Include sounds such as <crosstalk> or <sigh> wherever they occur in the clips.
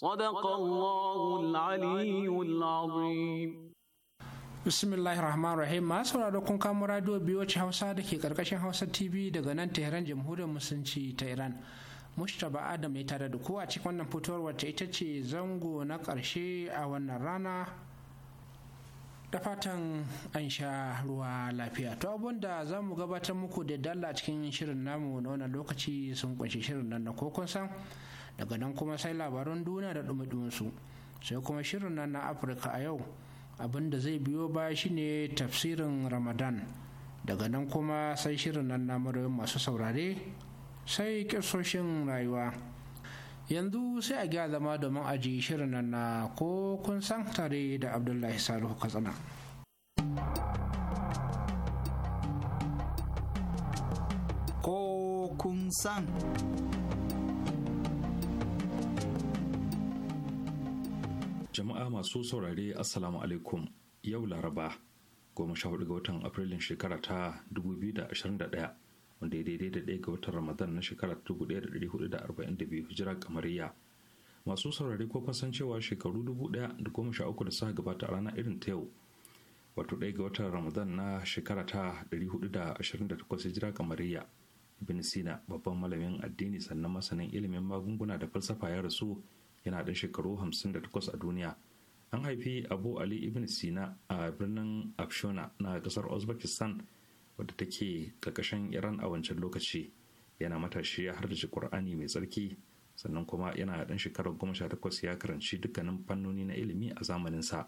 صدق الله العلي العظيم bismillahir rahmanir rahim masu sauraro kun kamo radio biyoci hausa da ke karkashin hausa tv daga nan tehran jamhuriyar musulunci ta iran mustapha adam ya tare da ku a cikin wannan fitowar wacce ita ce zango na ƙarshe a wannan rana da fatan an sha ruwa lafiya to abun da za mu gabatar muku da dalla cikin shirin namu na wannan lokaci sun kunshi shirin nan na kokon san daga nan kuma sai labaran duniya da dumi sai kuma shirin nan na afirka a yau abin da zai biyo ba shi ne tafsirin ramadan daga nan kuma sai shirin nan na marayun masu saurare sai kisoshin rayuwa yanzu sai a gya zama domin aji shirin nan na ko kun san tare da abdullahi salihu katsina ko kun san jama'a masu saurare assalamu alaikum yau laraba goma sha hudu ga watan afrilun shekara ta 2021 wanda ya daidai da ɗaya ga watan ramadan na shekara 1442 hijira kamariya masu saurare ko kwasan cewa shekaru 1013 da suka gabata a rana irin ta yau wato ɗaya ga watan ramadan na shekara ta 1428 hijira kamariya ibn sina babban malamin addini sannan masanin ilimin magunguna da falsafa ya rasu yana da shekaru 58 a duniya an haifi abu ali ibn sina a birnin afshona na ƙasar uzbekistan wadda take kakashin iran a wancan lokaci yana matashi ya shi ƙur'ani mai tsarki sannan kuma yana ɗan shekarar goma sha takwas ya karanci dukkanin fannoni na ilimi a zamaninsa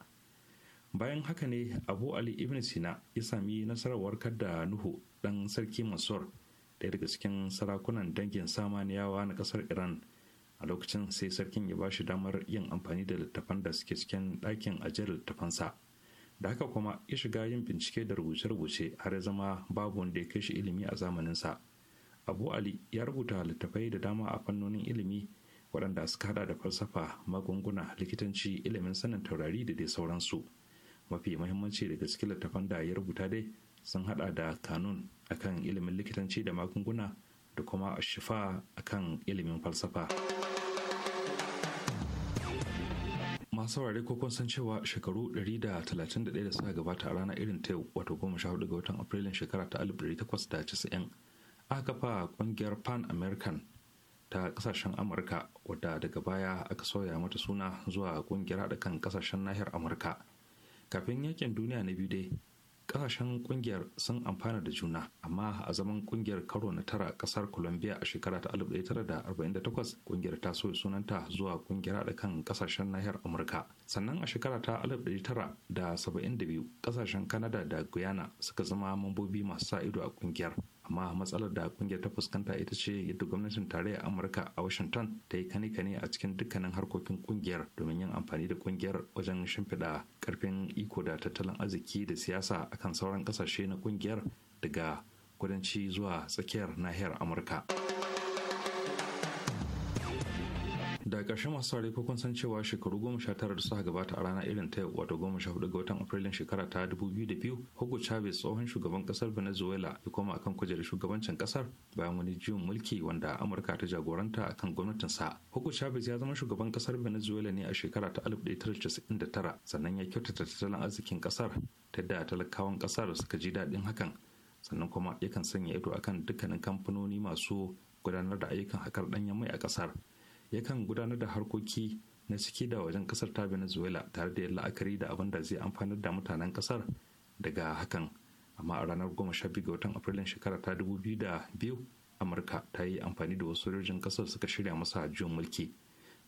bayan haka ne abu ali ibn sina ya sami nasarar warkar da nuhu ɗan sarki Masur, daya daga cikin sarakunan dangin samaniyawa na ƙasar iran a lokacin sai sarkin ya ba shi damar yin amfani da littafan da suke cikin ɗakin ajiyar littafansa da haka kuma ya shiga yin bincike da rubuce-rubuce har ya zama babu wanda ya kai shi ilimi a zamaninsa abu ali ya rubuta littafai da dama a fannonin ilimi waɗanda suka hada da falsafa magunguna likitanci ilimin sanin taurari da dai sauransu mafi mahimmanci daga cikin littafan da ya rubuta dai sun hada da kanun akan ilimin likitanci da magunguna da kuma shifa kan ilimin falsafa masu saurari ko kun san cewa shekaru 131 da suka gabata a ranar irin ta wato 14 ga watan afrilun shekara ta 1890 aka kafa kungiyar pan american ta kasashen amurka wadda daga baya aka sauya mata suna zuwa kungiyar haɗa kan kasashen nahiyar amurka kafin yakin duniya na biyu dai kasashen kungiyar sun amfana da juna amma a zaman kungiyar karo na tara kasar colombia a shekara ta 1948 kungiyar ta soya sunanta zuwa kungiyar haɗa kan kasashen nahiyar amurka sannan a shekara ta 1972 kasashen canada da guyana suka zama mambobi masu sa ido a kungiyar amma matsalar da kungiyar ta fuskanta ita ce yadda gwamnatin tarayyar amurka a washington ta yi kane-kane a cikin dukkanin harkokin kungiyar domin yin amfani da kungiyar wajen shimfiɗa karfin iko da tattalin arziki da siyasa akan sauran ƙasashe na kungiyar daga kudanci zuwa tsakiyar nahiyar amurka. da ƙarshe masu saurari ko kun san cewa shekaru goma sha tara da suka gabata a rana irin ta wato goma sha hudu ga watan afrilun shekara ta dubu biyu da biyu hugo chavez tsohon shugaban kasar venezuela ya koma akan kujerar shugabancin kasar bayan wani juyin mulki wanda amurka ta jagoranta akan gwamnatinsa hugo chavez ya zama shugaban ƙasar venezuela ne a shekara ta alif ɗaya tara casa'in da tara sannan ya kyautata tattalin arzikin kasar ta da talakawan ƙasar suka ji daɗin hakan sannan kuma yakan sanya ido akan dukkanin kamfanoni masu gudanar da ayyukan haƙar ɗanyen mai a ƙasar yakan gudanar da harkoki na ciki da wajen kasar ta venezuela tare da yin la'akari da abin da zai amfanar da mutanen kasar daga hakan amma a ranar 12 ga watan afrilun shekara ta 2002 amurka ta yi amfani da wasu sojojin kasar suka shirya masa juyin mulki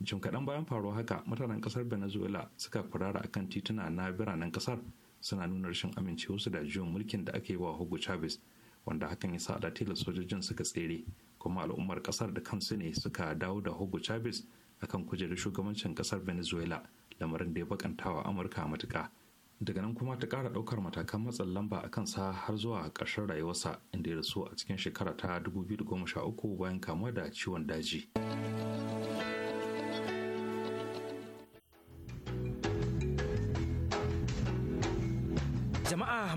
jim kaɗan bayan faruwa haka mutanen kasar venezuela suka kurara akan tituna na biranen kasar suna nuna rashin amincewarsu da juyin mulkin da aka yi wa hugo chavez wanda hakan ya sa da tilas sojojin suka tsere kuma al'ummar kasar da kansu ne suka dawo da hugo chavez akan kujerar shugabancin kasar venezuela lamarin da ya bakanta wa amurka matuka daga nan kuma ta kara daukar matakan matsin lamba a kansa har zuwa ƙarshen rayuwarsa inda ya rasu a cikin shekara ta 2013 bayan kamuwa da ciwon daji.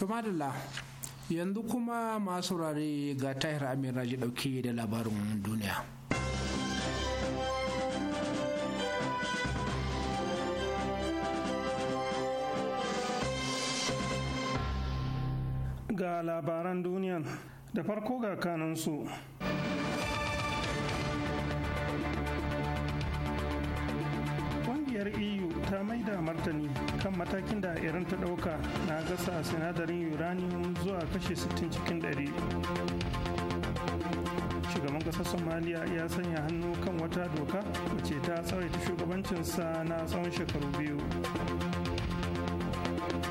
to madalla yanzu kuma masu rare ga tahir amin raji dauke da labarin duniya ga labaran duniyan da farko ga kanansu ta mai da martani kan matakin da iran ta ɗauka na gasa sinadarin uranium zuwa kashe 60 cikin 100 shugaban ƙasar somaliya ya sanya hannu kan wata doka wacce ta tsawaita shugabancinsa na tsawon shekaru biyu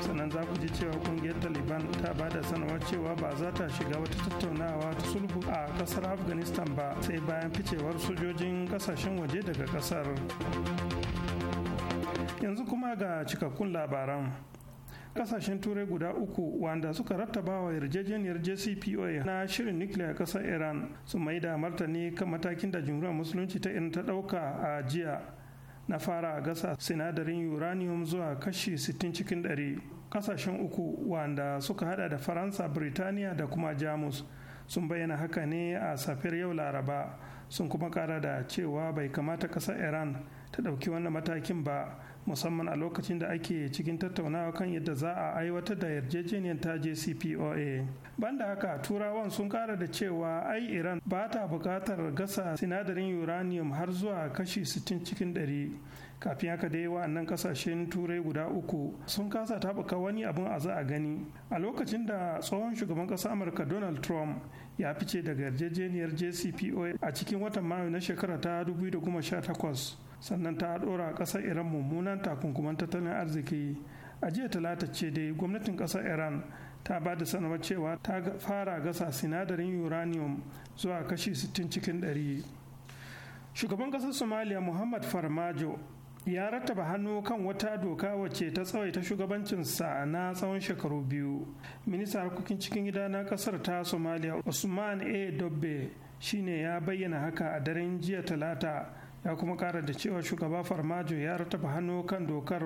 sannan za ku ji cewa kungiyar taliban ta ba da sanarwar cewa ba za ta shiga wata tattaunawa ta sulhu a kasar afghanistan ba sai bayan ficewar sojojin kasashen waje daga kasar yanzu kuma ga cikakkun labaran kasashen turai guda uku wanda suka rattaba wa yarjejeniyar jcpoa na shirin nukiliya kasar iran su mai da martani kan matakin da jumhuriyar musulunci ta irin ta dauka a jiya na fara gasa sinadarin uranium zuwa kashi 60 cikin 100 kasashen uku wanda suka hada da faransa birtaniya da kuma jamus sun bayyana haka ne a safiyar yau laraba sun kuma kara da cewa bai kamata kasar iran ta dauki wannan matakin ba musamman a lokacin da ake cikin tattaunawa kan yadda za a aiwatar da yarjejeniyar ta jcpoa banda haka turawan sun kara da cewa ai iran ba ta bukatar gasa sinadarin uranium har zuwa kashi 60 cikin 100 kafin haka dai wa'annan kasashen turai guda uku sun kasa taɓuka wani abin a za a gani a lokacin da tsohon shugaban ƙasa amurka donald trump ya fice daga yarjejeniyar jcpoa a cikin watan mayu na shekara ta 2018 sannan ta dora kasar iran mummunan takunkuman tattalin arziki a jiya talata ce dai gwamnatin kasar iran ta ba da sanarwar cewa ta fara gasa sinadarin uranium zuwa kashi 60 cikin 100 shugaban kasar somalia muhammad farmajo ya rattaba hannu kan wata doka wacce ta tsawaita shugabancinsa na tsawon shekaru biyu minista harkokin cikin gida na kasar ta somalia usman a dobbe shine ya bayyana haka a daren jiya talata ya kuma kara da cewa shugaba farmajo ya rataba hannu kan dokar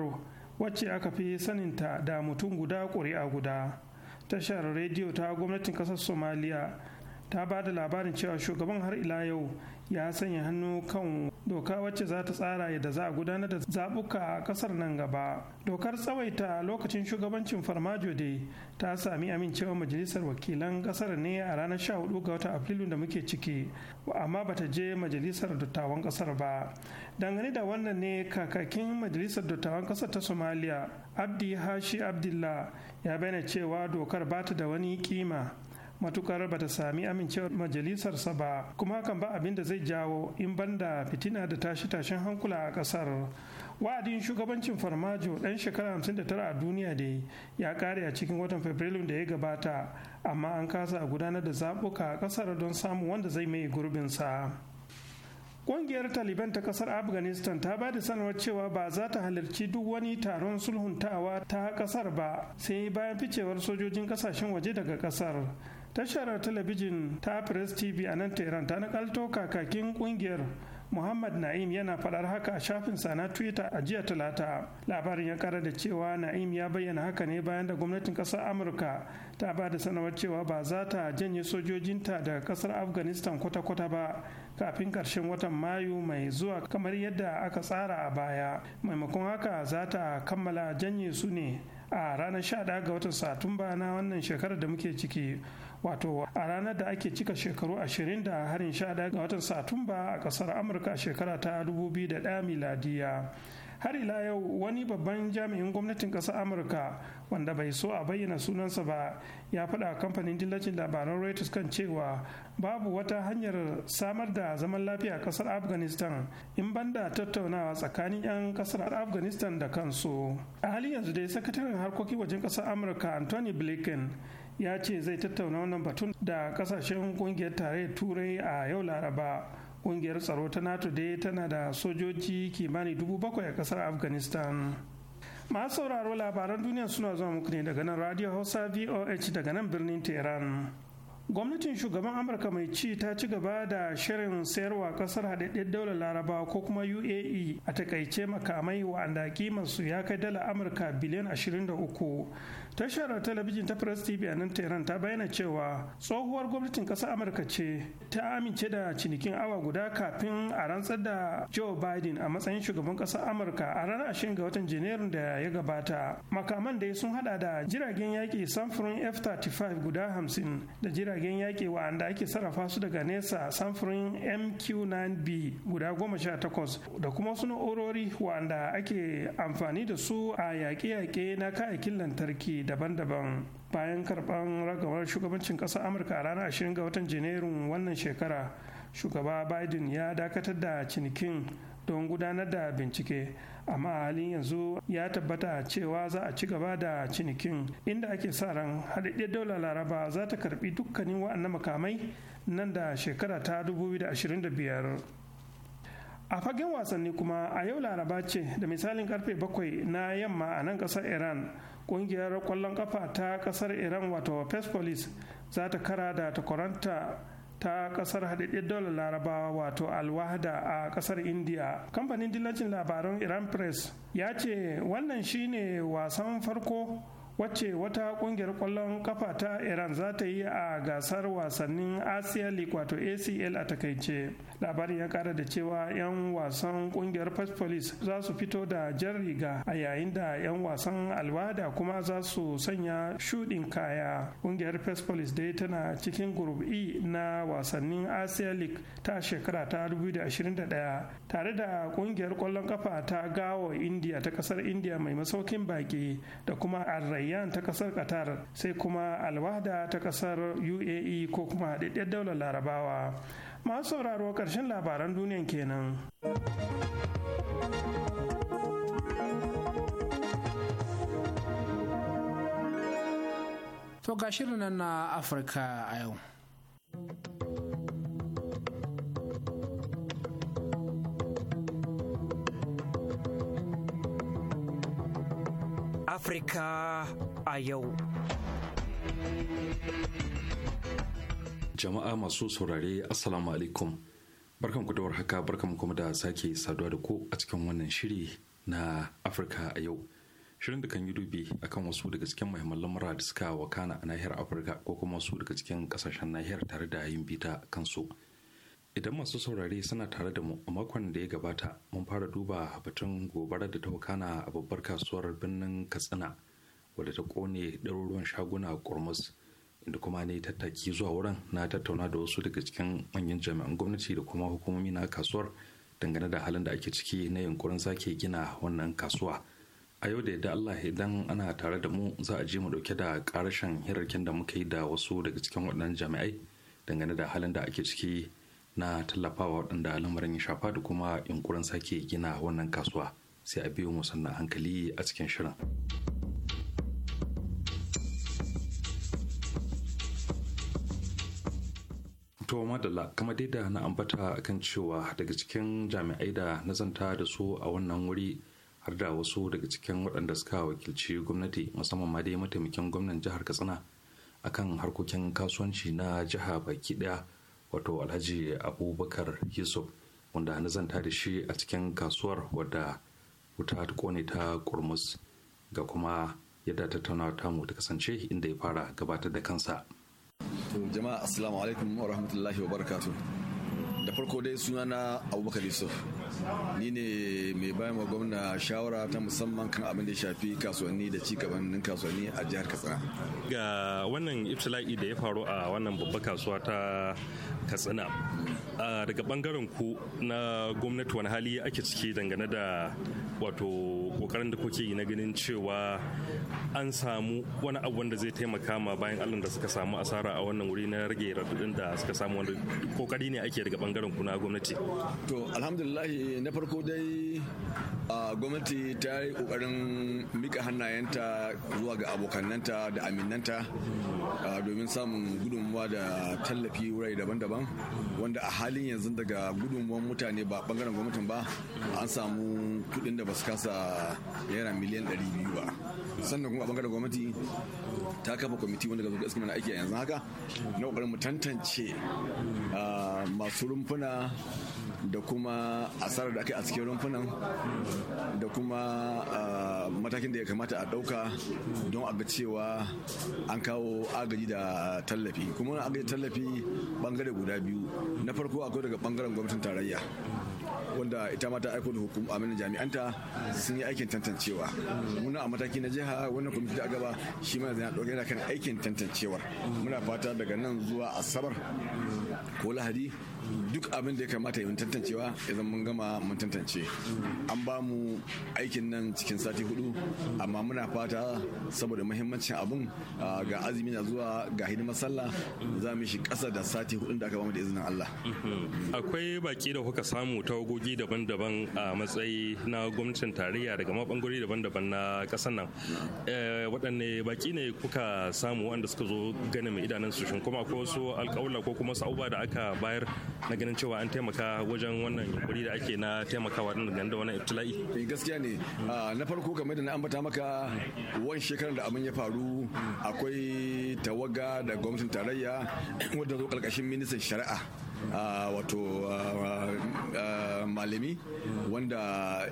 wacce aka fi saninta da mutum guda ƙuri'a guda tashar rediyo ta gwamnatin ƙasar somaliya ta ba da labarin cewa shugaban har ila yau ya sanya hannu kan doka wacce za ta tsara yadda za a gudanar da zabuka a ƙasar nan gaba dokar tsawaita lokacin shugabancin farmajo dai ta sami amincewar majalisar wakilan ƙasar ne a ranar sha hudu ga wata afrilu da muke ciki amma bata je majalisar dattawan ƙasar ba dangane da wannan ne kakakin majalisar dattawan ƙasar ta Somalia abdi hashi abdullah ya bayyana cewa dokar ba ta da wani kima matukar ta sami amincewar majalisar sa ba kuma hakan ba abin da zai jawo in banda fitina da tashi tashin hankula a kasar wa'adin shugabancin farmajo dan shekara 59 a duniya da ya kare a cikin watan fabrilu da ya gabata amma an kasa a gudanar da zabuka a kasar don samun wanda zai mai gurbin sa. Ƙungiyar Taliban ta ƙasar Afghanistan ta ba da sanarwar cewa ba za ta halarci duk wani taron sulhuntawa ta ƙasar ba sai bayan ficewar sojojin ƙasashen waje daga ƙasar. tashar talabijin ta press tv a nan tehran ta nakalto kakakin kungiyar Muhammad Na'im yana faɗar haka a shafin sa na Twitter a jiya Talata. Labarin ya kara da cewa Na'im ya bayyana haka ne bayan da gwamnatin ƙasar Amurka ta ba da sanarwar cewa ba za ta janye sojojinta daga ƙasar Afghanistan kwata-kwata ba kafin ƙarshen watan Mayu mai zuwa kamar yadda aka tsara a baya. Maimakon haka za ta kammala janye su ne a ranar 11 ga watan satumba na wannan shekarar da muke ciki wato a ranar da ake cika shekaru ashirin da harin 11 ga watan satumba a kasar amurka shekara ta 2001 miladiya har ila yau wani babban jami'in gwamnatin ƙasar amurka wanda bai so a bayyana sunansa ba ya faɗa kamfanin dillacin labaran reuters kan cewa babu wata hanyar samar da zaman lafiya a ƙasar afghanistan in banda tattaunawa tsakanin 'yan ƙasar afghanistan da kansu a halin yanzu dai sakataren harkokin wajen ƙasar amurka anthony blinken ya ce zai tattauna wannan batun da ƙasashen ƙungiyar tarayyar turai a yau laraba ƙungiyar tsaro ta nato dai tana da sojoji kimani dubu bakwai a ƙasar afghanistan masu sauraro labaran duniya suna zuwa muku ne daga nan radio hausa voh daga nan birnin tehran gwamnatin shugaban amurka mai ci ta ci gaba da shirin sayarwa kasar haɗaɗɗen daular larabawa ko kuma uae a takaice makamai wa'anda kimansu ya kai dala amurka biliyan 23 tashar talabijin ta press tv a nan tehran ta bayyana cewa tsohuwar gwamnatin ƙasar amurka ce ta amince da cinikin awa guda kafin a rantsar da joe biden a matsayin shugaban ƙasar amurka a ranar ashirin ga watan janairun da ya gabata makaman dai sun hada da jiragen yaƙi samfurin f-35 guda hamsin da jiragen yaƙi wa'anda ake sarrafa su daga nesa samfurin mq-9b guda takwas da kuma wasu na'urori wa'anda ake amfani da su a yaƙe-yaƙe na kayakin lantarki daban-daban bayan karɓar ragamar shugabancin ƙasar amurka a ranar 20 ga watan janairun wannan shekara shugaba biden ya dakatar da cinikin don gudanar da bincike amma a halin yanzu ya tabbata cewa za a ci gaba da cinikin inda ake sa ran haɗaɗɗiyar daular laraba za ta karbi dukkanin wa'annan makamai nan da shekara ta 2025 a fagen wasanni kuma a yau laraba ce da misalin karfe 7 na yamma a nan ƙasar iran ƙungiyar ƙwallon ƙafa ta ƙasar iran wato police za ta kara da takwaranta ta kasar haɗaɗɗen dole larabawa wato alwahda a ƙasar india kamfanin dillacin labaran iran press ya ce wannan shine wasan farko wacce wata kungiyar kwallon kafa ta iran za ta yi a gasar wasannin asia league wato acl a takaice labarin ya kara da cewa 'yan wasan kungiyar police za su fito da jan riga a yayin da 'yan wasan alwada kuma za su sanya shuɗin kaya kungiyar police dai tana cikin group e na wasannin asia league ta shekara ta 2021 tare da kungiyar kwallon kafa ta gawo india ta kasar india mai masaukin baki da kuma arrai Bayan ta kasar qatar sai kuma alwahda ta kasar uae ko kuma haɗaɗɗiyar daular larabawa masu sauraro ƙarshen labaran duniyan kenan to ga shirin nan na afirka a yau Afirka a yau. Jama'a masu saurare Assalamu alaikum. Barkan ku da warhaka barkan kuma da sake saduwa da ku a cikin wannan shiri na Afirka a yau. Shirin da kan yi dubi akan wasu daga cikin muhimman lamura da suka wakana a nahiyar Afirka ko kuma wasu daga cikin kasashen nahiyar tare da yin bita kansu. idan masu saurari suna tare da mu a makon da ya gabata mun fara duba batun gobara da ta wakana a babbar kasuwar birnin katsina wadda ta kone ɗaruruwan shaguna kurmus inda kuma ne tattaki zuwa wurin na tattauna da wasu daga cikin manyan jami'an gwamnati da kuma hukumomi na kasuwar dangane da halin da ake ciki na yunkurin sake gina wannan kasuwa a yau da yadda allah idan ana tare da mu za a je mu dauke da karashen hirarkin da muka yi da wasu daga cikin waɗannan jami'ai dangane da halin da ake ciki na tallafawa waɗanda lamarin ya shafa da kuma yunkurin sake gina wannan kasuwa sai a biyo na hankali a cikin shirin. To madalla kama dai da na ambata kan cewa daga cikin jami'ai da nazanta da su a wannan wuri har da wasu daga cikin waɗanda suka wakilci gwamnati musamman ma dai mataimakin gwamnan jihar Katsina akan harkokin kasuwanci na jiha baki ɗaya wato alhaji abubakar yusuf wanda na zanta da shi a cikin kasuwar wadda wuta ta kone ta kurmus ga kuma yadda tattaunawa tamu ta kasance inda ya fara gabatar da kansa jama'a assalamu alaikum wa rahmatullahi wa barakatuh da farko dai suna na abubakar yusuf ni ne mai bayan wa gwamna shawara ta musamman kan abin da ya shafi kasuwanni da cigabannin kasuwanni a jihar katsina ga wannan ibtila'i da ya faru a wannan babbar kasuwa ta katsina daga bangaren ku na gwamnati wani hali ake ciki dangane da wato kokarin da kuke yi na ganin cewa an samu wani abu wanda zai taimaka ma bayan allon da suka samu asara a wannan wuri na rage radadin da suka samu wanda kokari ne ake daga bangaren ku na gwamnati to alhamdulillah Eh, na farko dai gwamnati ta yi kokarin mika hannayenta zuwa ga abokannanta da aminanta domin samun gudunmuwa da tallafi wurare daban-daban wanda a halin yanzu daga gudunmuwan mutane ba bangaren gwamnatin ba an samu kudin da ba su kasa yara miliyan 200 ba sannan kuma a bangaren gwamnati ta kafa kwamiti wanda ga gaskiya mana aiki a yanzu haka na kokarin mu tantance masu rumfuna da kuma asarar da aka yi a cikin rumfunan da kuma matakin da ya kamata a ɗauka don a ga cewa an kawo agaji da tallafi kuma wani agaji tallafi bangare guda biyu na farko akwai daga bangaren gwamnatin tarayya wanda ita ma ta aiko da hukum amin jami'anta sun yi aikin tantancewa muna a mataki na jiha wannan kwamiti a gaba shi mana zai ɗauke da kan aikin tantancewar muna fata daga nan zuwa asabar ko lahadi duk abin da ya kamata yi tantancewa idan mun gama mun tantance an ba mu aikin nan cikin sati hudu amma muna fata saboda muhimmancin abin ga azumi na zuwa ga hidimar sallah za mu shi kasa da sati hudu da aka ba mu da izinin Allah mhm. akwai baki da kuka samu tawagogi daban-daban a matsayi na gwamnatin tarayya daga mabangare daban-daban na kasar nan eh, waɗanne baki ne kuka samu wanda suka zo ganin mai idanun su shin kuma akwai wasu alƙawla ko kuma sa'uba da aka bayar na ganin cewa an taimaka wajen wannan yunkuri da ake na taimakawa din dangane da wannan ibtila'i eh, gaskiya ne mm. ah, na farko game da na ambata maka wani shekarar da abin ya faru mm. akwai tawaga da gwamnatin tarayya wadda zo karkashin ministan shari'a wato malami wanda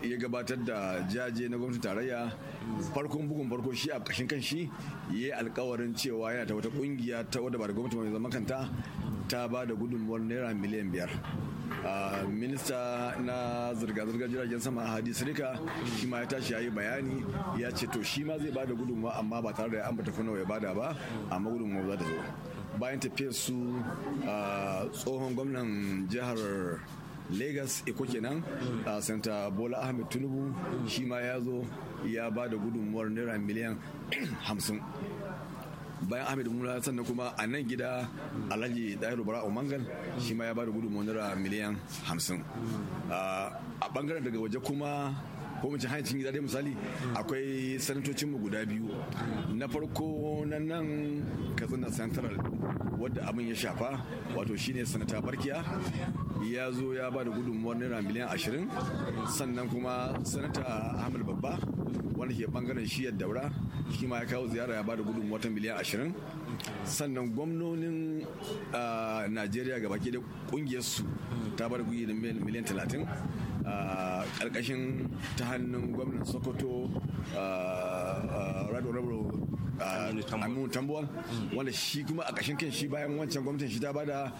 ya gabatar da jaje na gwamnatin tarayya farkon bugun farko shi a kashin kan shi ya yi alkawarin cewa yana ta wata kungiya ta wadda ba da gwamnati mai zaman kanta ta ba da gudunmuwar naira miliyan biyar minista na zirga-zirgar jiragen sama hadi sirika shi ma ya tashi ya yi bayani ya ce to shi ma zai ba da gudunmuwa amma ba tare da ya ambata kuna ya bada ba amma gudunmuwa za ta zo bayan tafiyar su tsohon gwamnan jihar Legas iko kenan a Santa Bola Ahmed Tinubu shi ma ya zo ya ba da gudunmuwar naira miliyan <clears throat> hamsin. bayan ahmed mula sannan kuma a nan gida alhaji dairu Barao mangal shi ma ya ba da gudunmuwar naira miliyan hamsin a bangaren daga waje kuma ko mu ci hancin gida dai misali akwai sanatocin mu guda biyu na farko na nan katsina central wadda abin ya shafa wato shine sanata barkiya ya zo ya ba da gudunmuwar naira miliyan ashirin sannan kuma sanata ahmad babba wanda ke bangaren shiyar daura shi ma ya kawo ziyara ya ba da gudunmuwar ta miliyan ashirin sannan gwamnonin ah, najeriya gabaki da kungiyar su ta ba da miliyan talatin karkashin ta hannun gwamnan sokoto rado Ah, aminu tambuwal hmm. wanda shi kuma a ƙashin kan shi bayan wancan gwamnatin shi ta bada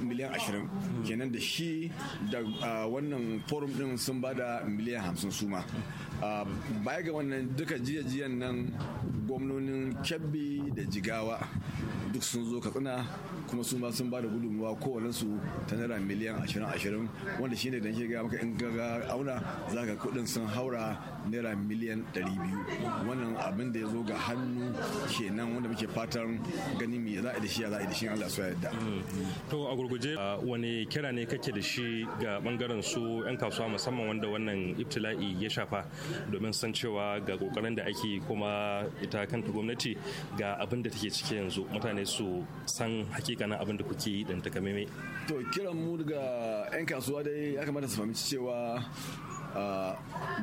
miliyan ashirin hmm. kenan da shi da ah, wannan forum din sun bada miliyan hamsin suma ah, baya ga wannan duka jiyan nan gwamnonin kebbi da jigawa duk sun zo katsina kuma su ma sun ba da gudunmuwa kowane su ta naira miliyan ashirin ashirin wanda ne da ke ga maka in ga auna za ka kudin sun haura naira miliyan 200 wannan abin da ya zo ga hannu kenan wanda muke fatan gani mai za a da shi za a da shi Allah su yadda. to a gurguje wani kira ne kake da shi ga bangaren su yan kasuwa musamman wanda wannan ibtila'i ya shafa domin san cewa ga kokarin da ake kuma ita kanta gwamnati ga abin da take ciki yanzu mutane su san hakikanin abin da kuke yi dan takamaimai to kiran mu daga yan kasuwa dai ya kamata su fahimci cewa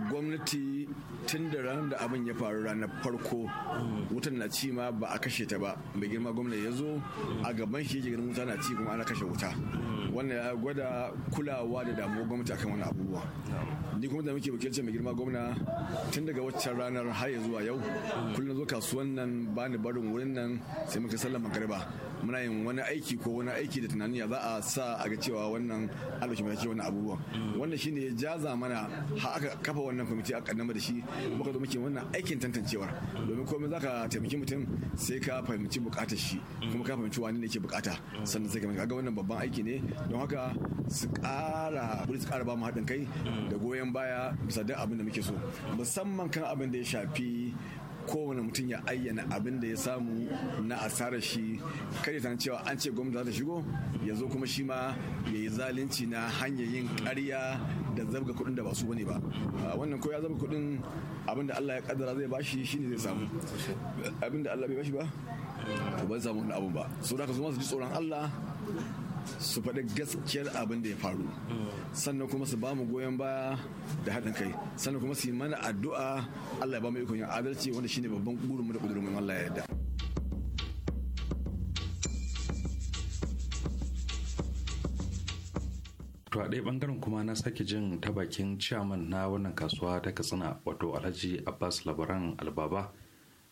gwamnati tun da ranar da abin ya faru ranar farko wutan na ci ma ba a kashe ta ba mai girma gwamnati ya zo a gaban shi yake girma wuta na ci kuma ana kashe wuta wannan ya gwada kulawa da damuwa gwamnati akan wani abubuwa ni kuma da muke wakilci mai girma gwamna tun daga waccan ranar har ya zuwa yau kullum zo kasuwan nan ba ni barin wurin nan sai muka sallar magariba muna yin wani aiki ko wani aiki da tunani ya za a sa a ga cewa wannan alwashi mai ake wannan abubuwan wannan shine ya jaza mana har aka kafa wannan kwamiti a kaddama da shi muka zo muke wannan aikin tantancewar domin komai zaka taimaki mutum sai ka fahimci bukatar shi kuma ka fahimci wani ne ke bukata sannan sai ka ga wannan babban aiki ne don haka su kara su kara ba mu haɗin kai da goyon goyon baya bisa duk abin da muke so musamman kan abin da ya shafi kowane mutum ya ayyana abin da ya samu na asarar shi kada ta cewa an ce gwamnati za ta shigo ya zo kuma shi ma ya yi zalunci na hanyar yin karya da zabga kuɗin da ba su bane ba ah, wannan ko ya zabga kuɗin abin da Allah ya kaddara zai bashi shi ne zai samu abin da Allah bai bashi ba ba zai samu wani abu ba so da ka zo masu ji tsoron Allah su faɗi gaskiyar abin da ya faru sannan kuma su ba mu goyon baya da haɗin kai sannan kuma su yi mana addu'a Allah ya ba mu ikon yin adalci wanda shine babban gurin mu da kudurin mu Allah ya yarda to a ɗaya ɓangaren kuma na sake jin ta bakin chairman na wannan kasuwa ta katsina wato alhaji abbas labaran albaba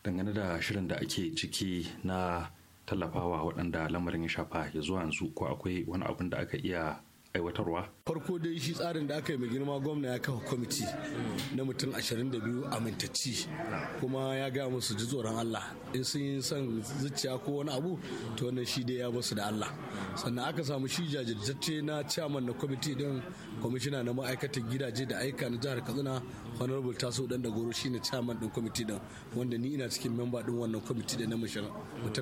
dangane da shirin da ake ciki na tallafawa waɗanda lamarin ya shafa ya zuwa yanzu ko akwai wani abin da aka iya aiwatarwa farko dai shi tsarin da aka yi mai girma gwamna ya kafa kwamiti na mutum 22 amintacci kuma ya gaya musu ji tsoron allah in sun yi son zuciya ko wani abu to wannan shi dai ya basu da allah sannan aka samu shi jajirtacce na chairman na kwamiti din kwamishina na ma'aikatan gidaje da aika na jihar katsina honorable taso dan da goro shine chairman din kwamiti din wanda ni ina cikin memba din wannan kwamiti din na mutum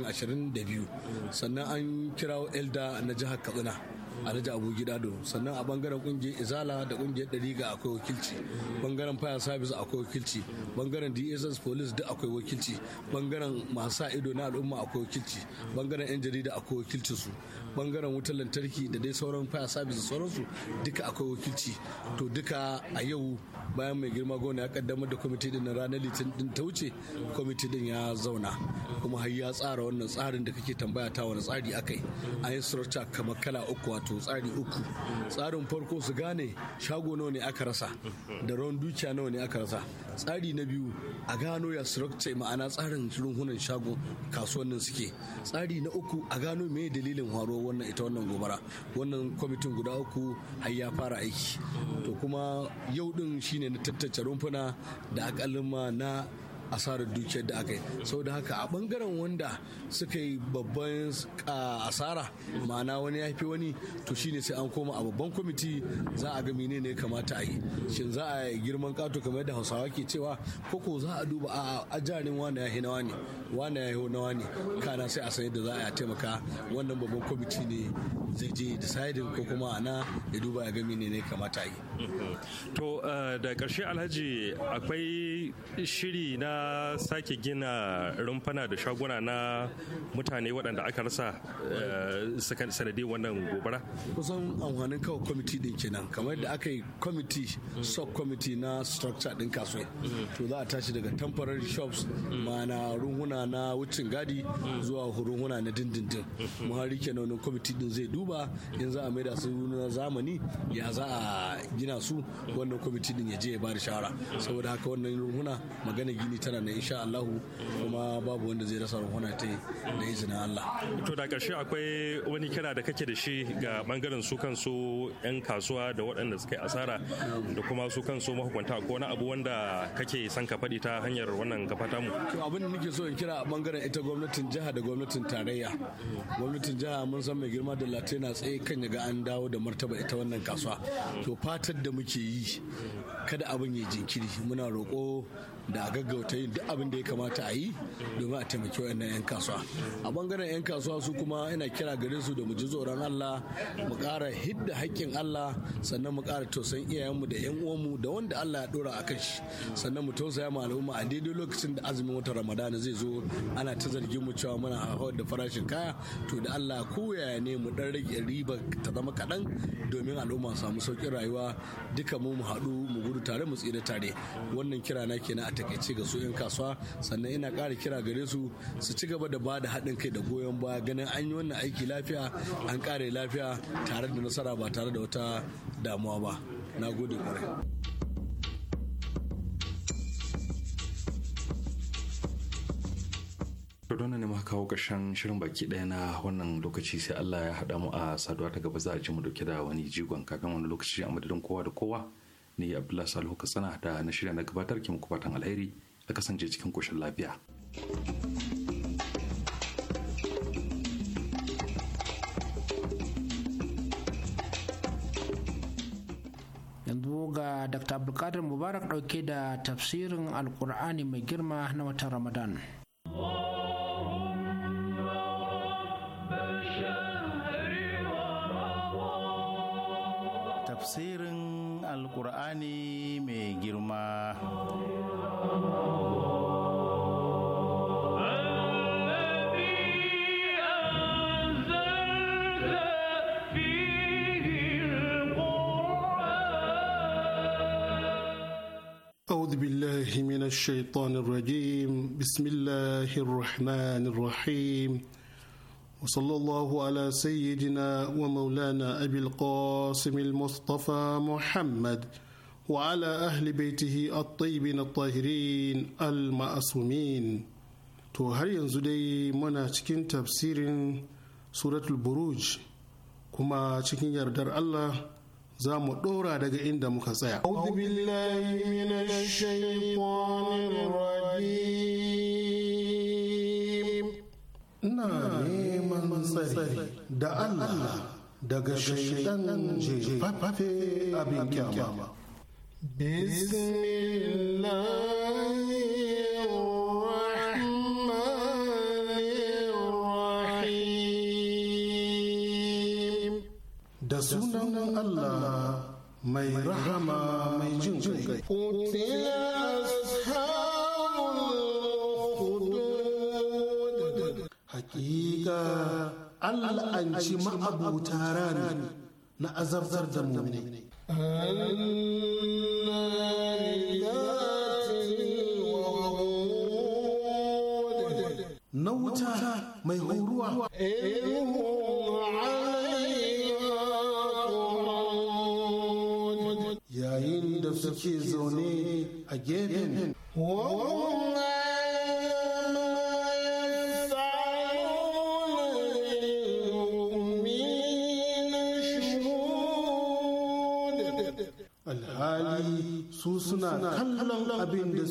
22 sannan an kirawo elda na jihar katsina daji abu gida don sannan a bangaren kungiyar izala da kungiyar dariga akwai wakilci bangaren fire service akwai wakilci bangaren dss police duk akwai wakilci bangaren masu ido na al'umma akwai wakilci bangaren yan jarida akwai wakilcin su bangaren wutar lantarki da dai sauran fire service da sauransu duka akwai wakilci to duka a yau bayan mai girma gona ya kaddamar da kwamiti din ranar litin din ta wuce kwamiti din ya zauna kuma har ya tsara wannan tsarin da kake tambaya ta wani tsari akai a yi kamar kala uku wato tsari uku tsarin farko su gane shago nawa ne aka rasa da rawan dukiya nawa ne aka rasa tsari na biyu a gano ya surata ma'ana tsarin runhunan shago kasuwannin suke tsari na uku a gano me dalilin haro wannan ita wannan gobara wannan kwamitin guda uku har ya fara aiki to kuma yau din shine na tattace rumfuna da akalin ma na asarar dukiyar da aka yi sau da haka a bangaren wanda suka yi babban asara ma'ana wani ya fi wani to shine sai an koma a babban kwamiti za a ga menene ya kamata a yi shin za a yi girman kato kamar yadda hausawa ke cewa ko ko za a duba a ajarin wani ya hinawa ne wani ya hinawa ne kana sai a san yadda za a taimaka wannan babban kwamiti ne zai je deciding ko kuma ana ya duba ya ga menene ya kamata a yi mm-hmm. to eh, da karshe alhaji akwai shiri na sake gina rumfana da shaguna na mutane waɗanda aka rasa eh, suka sanadi wannan gobara kusan amfanin kawo kwamiti din kenan kamar da aka yi kwamiti sub kwamiti na structure din kasuwa to za a tashi daga temporary shops na runhuna na wucin gadi zuwa runhuna na dindindin muhari kenan wani kwamiti din zai duba in za a da su na zamani ya za a gina su wannan kwamiti din ya je ya ba da shawara saboda haka wannan runhuna magana gini ta tana na insha Allah kuma babu wanda zai rasa ruhuna ta da izinin Allah to da ƙarshe akwai wani kira da kake da shi ga bangaren su kansu yan kasuwa da waɗanda suka yi asara da kuma su kansu mahukunta ko wani abu wanda kake son ka faɗi ta hanyar wannan kafa mu. to abin da nake so in kira a bangaren ita gwamnatin jiha da gwamnatin tarayya gwamnatin jiha mun san mai girma da latin na tsaye kan ya ga an dawo da martaba ita wannan kasuwa to fatar da muke yi kada abin ya jinkiri muna roƙo da a gaggauta yin duk abin da ya kamata a yi domin a taimaki wayannan 'yan kasuwa a bangaren 'yan kasuwa su kuma ina kira gare su da mu ji tsoron Allah mu ƙara hidda haƙƙin Allah sannan mu ƙara tausayin iyayenmu da 'yan uwanmu da wanda Allah ya dora a kan shi sannan mu tausaya ma al'umma a daidai lokacin da azumin watan Ramadana zai zo ana ta zargin mu cewa muna hawar da farashin kaya to da Allah ko yaya ne mu dan rage riba ta zama kaɗan domin al'umma samu sauƙin rayuwa duka mu mu haɗu mu gudu tare mu tsira tare wannan kira na kenan a takaice ga su 'yan kasuwa sannan ina kara kira gare su su ci gaba da ba da haɗin kai da goyon baya ganin an yi wannan aiki lafiya an ƙare lafiya tare da nasara ba tare da wata damuwa ba na gode kwarai Dona ne maka kawo ƙarshen shirin baki ɗaya na wannan lokaci sai Allah ya haɗa mu a saduwa ta gaba za a ji mu dauke da wani jigon kakan wani lokaci a madadin kowa da kowa. ni abdullahi salihu katsina da na shirya na gabatar ki muku fatan alheri a kasance cikin koshin lafiya yanzu ga dr abdulkadir mubarak dauke da tafsirin alkur'ani mai girma na watan ramadan tafsirin Qur'ani mai girma أعوذ بالله من الشيطان الرجيم بسم الله الرحمن الرحيم وصلى الله على سيدنا ومولانا أبي القاسم المصطفى محمد وعلى أهل بيته الطيبين الطاهرين المأسومين to har yanzu dai muna cikin tafsirin suratul buruj kuma cikin yardar Allah za mu ɗora daga inda muka tsaya. أعوذ بالله من الشيطان الرجيم. tsari da Allah daga shaidan jefafe abin kyama. Da sunan Allah mai rahama mai jin kai. hakika Allah an ci ma'abuta rani na azabtar da mummune. Na wuta mai horuwa. Eh,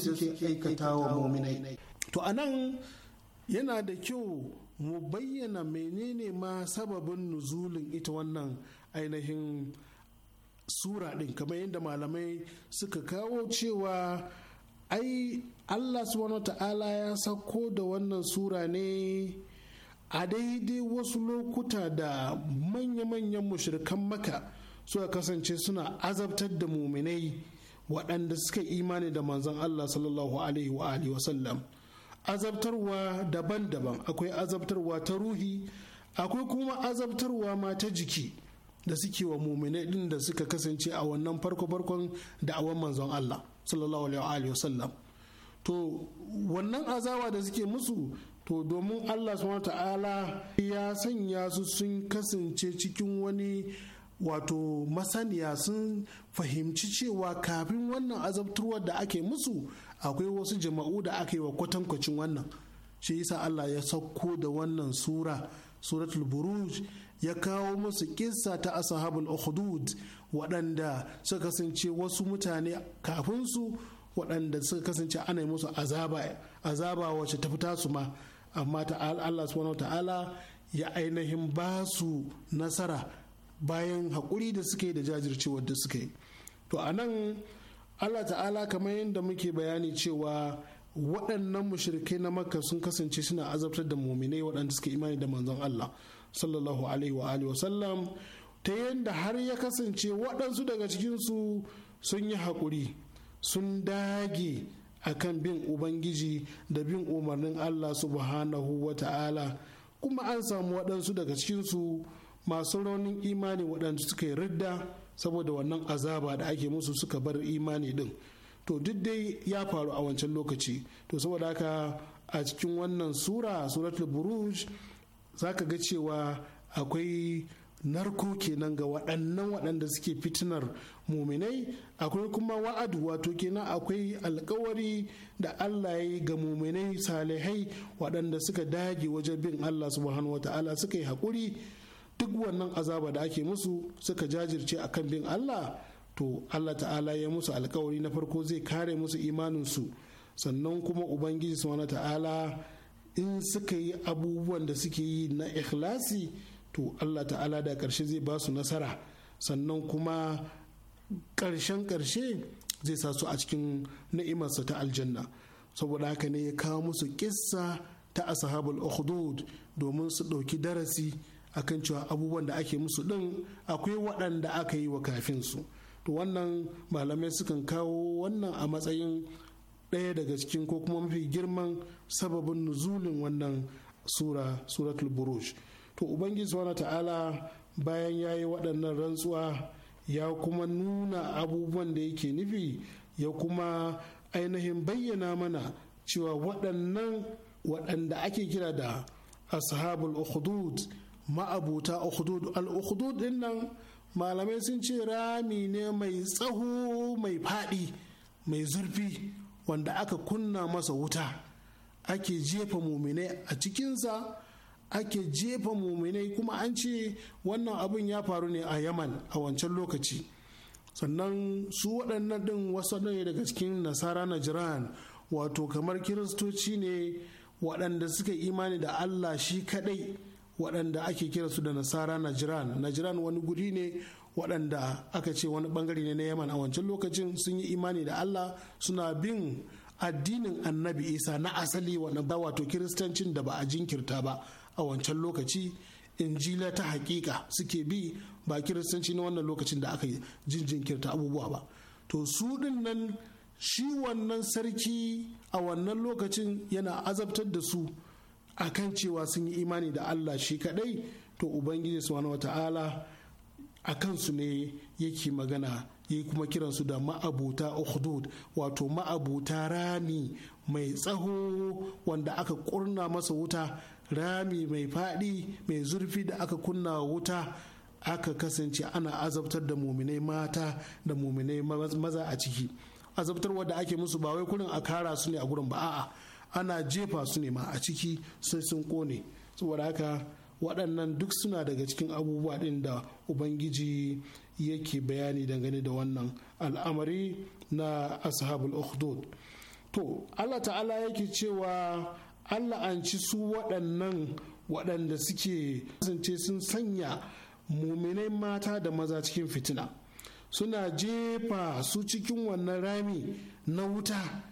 suke aikata wa muminai to anan yana da kyau mu bayyana menene ma sababin nuzulin ita wannan ainihin sura ɗin kamar yadda malamai suka kawo cewa ai allah subhanahu ta'ala ya sako da wannan sura ne a daidai wasu lokuta da manya-manyan mushrikan maka suka kasance suna azabtar da muminai waɗanda suka imani da manzon Allah sallallahu alaihi wa alihi wasallam azabtarwa daban-daban akwai azabtarwa ta ruhi akwai kuma azabtarwa ma ta jiki da suke wa muminai din da suka kasance a wannan farko-farkon da'awan manzon Allah sallallahu alaihi wa wasallam to wannan azawa da suke musu to domin Allah subhanahu ta'ala ya sanya su sun kasance cikin wani wato masaniya sun fahimci cewa kafin wannan azabtarwar da ake musu akwai wasu jama'u da aka yi wa kwatankwacin wannan shi yasa Allah ya sauko da wannan sura suratul buruj ya kawo musu kissa ta ashabul ukhdud waɗanda suka kasance wasu mutane kafin su waɗanda suka kasance ana yi musu azaba azaba wacce ta fita su ma amma ta Allah subhanahu ta'ala ya ainihin ba su nasara bayan haƙuri da suke da jajircewar da suke to a nan allah ta'ala kamar yadda muke bayani cewa waɗannan mushrikai na makka sun kasance suna azabtar da muminai waɗanda suke imani da manzon allah sallallahu alaihi wa alihi wasallam ta yadda har ya kasance waɗansu daga cikinsu sun yi haƙuri sun dage akan bin ubangiji da bin umarnin allah subhanahu wa ta'ala kuma an samu waɗansu daga cikinsu masu raunin imani waɗanda suka yi ridda saboda wannan azaba da ake musu suka bar imani din to duk dai ya faru a wancan lokaci to saboda haka a cikin wannan sura suratul buruj ka ga cewa akwai narko kenan ga waɗannan waɗanda suke fitinar muminai akwai kuma wa'adu wato kenan akwai alkawari da allah ya ga muminai salihai waɗanda suka dage wajen bin allah subhanahu Ta'ala suka yi haƙuri duk wannan azaba da ake musu suka jajirce a kan bin Allah to Allah ta'ala ya musu alkawari na farko zai kare musu imaninsu sannan kuma ubangiji subhanahu ta'ala in suka yi abubuwan da suke yi na ikhlasi to Allah ta'ala da karshe zai ba su nasara sannan kuma karshen karshe zai sa su a cikin na'imarsa ta aljanna saboda haka ne ya kawo musu kissa ta ashabul ukhdud domin su ɗauki darasi akan cewa abubuwan da ake musu din akwai waɗanda aka yi wa kafin su to wannan malamai sukan kawo wannan a matsayin ɗaya daga cikin ko kuma mafi girman sababin nuzulin wannan sura suratul buruj to ubangiji subhanahu ta'ala bayan ya yi waɗannan rantsuwa ya kuma nuna abubuwan da yake nufi ya kuma ainihin bayyana mana cewa waɗannan waɗanda ake kira da ashabul ukhdud ma'abuta ukhdud al-ukhdud din nan malamai sun ce rami ne mai tsaho mai faɗi mai zurfi wanda aka kunna masa wuta ake jefa muminai a cikinsa ake jefa muminai kuma an ce wannan abin ya faru ne a yaman a wancan lokaci sannan su waɗannan ɗin wasu ɗaya daga cikin nasara na jiran wato kamar kiristoci ne waɗanda suka imani da allah shi kaɗai waɗanda ake su da nasara najiran najiran wani guri ne waɗanda aka ce wani bangare ne na yaman a wancan lokacin sun yi imani da allah suna bin addinin annabi isa na asali wannan wato kiristancin da ba a jinkirta ba a wancan lokaci injila ta hakika suke bi ba kiristanci na wannan lokacin da aka jinjinkirta abubuwa ba to su din nan shi wannan sarki a wannan lokacin yana azabtar da su akan cewa sun yi imani da Allah shi kadai to ubangiji subhanahu wata'ala a kansu ne yake magana ya kuma kiransu da ma'abuta ukhdud wato ma'abuta rami mai tsaho wanda aka kurna masa wuta rami mai faɗi mai zurfi da aka kunna wuta aka kasance ana azabtar da muminai mata da muminai maza a ciki azabtarwa da ake musu bawai wai kurin a kara su ne a gurin ba a'a ana jefa su ne ma a ciki sai sun kone saboda haka waɗannan duk suna daga cikin abubuwa ɗin da ubangiji yake bayani dangane da wannan al'amari na ashabul ukhdud to allah ta'ala yake cewa allah an ci su waɗannan waɗanda suke kasance sun sanya muminai mata da maza cikin fitina suna jefa su cikin wannan rami na wuta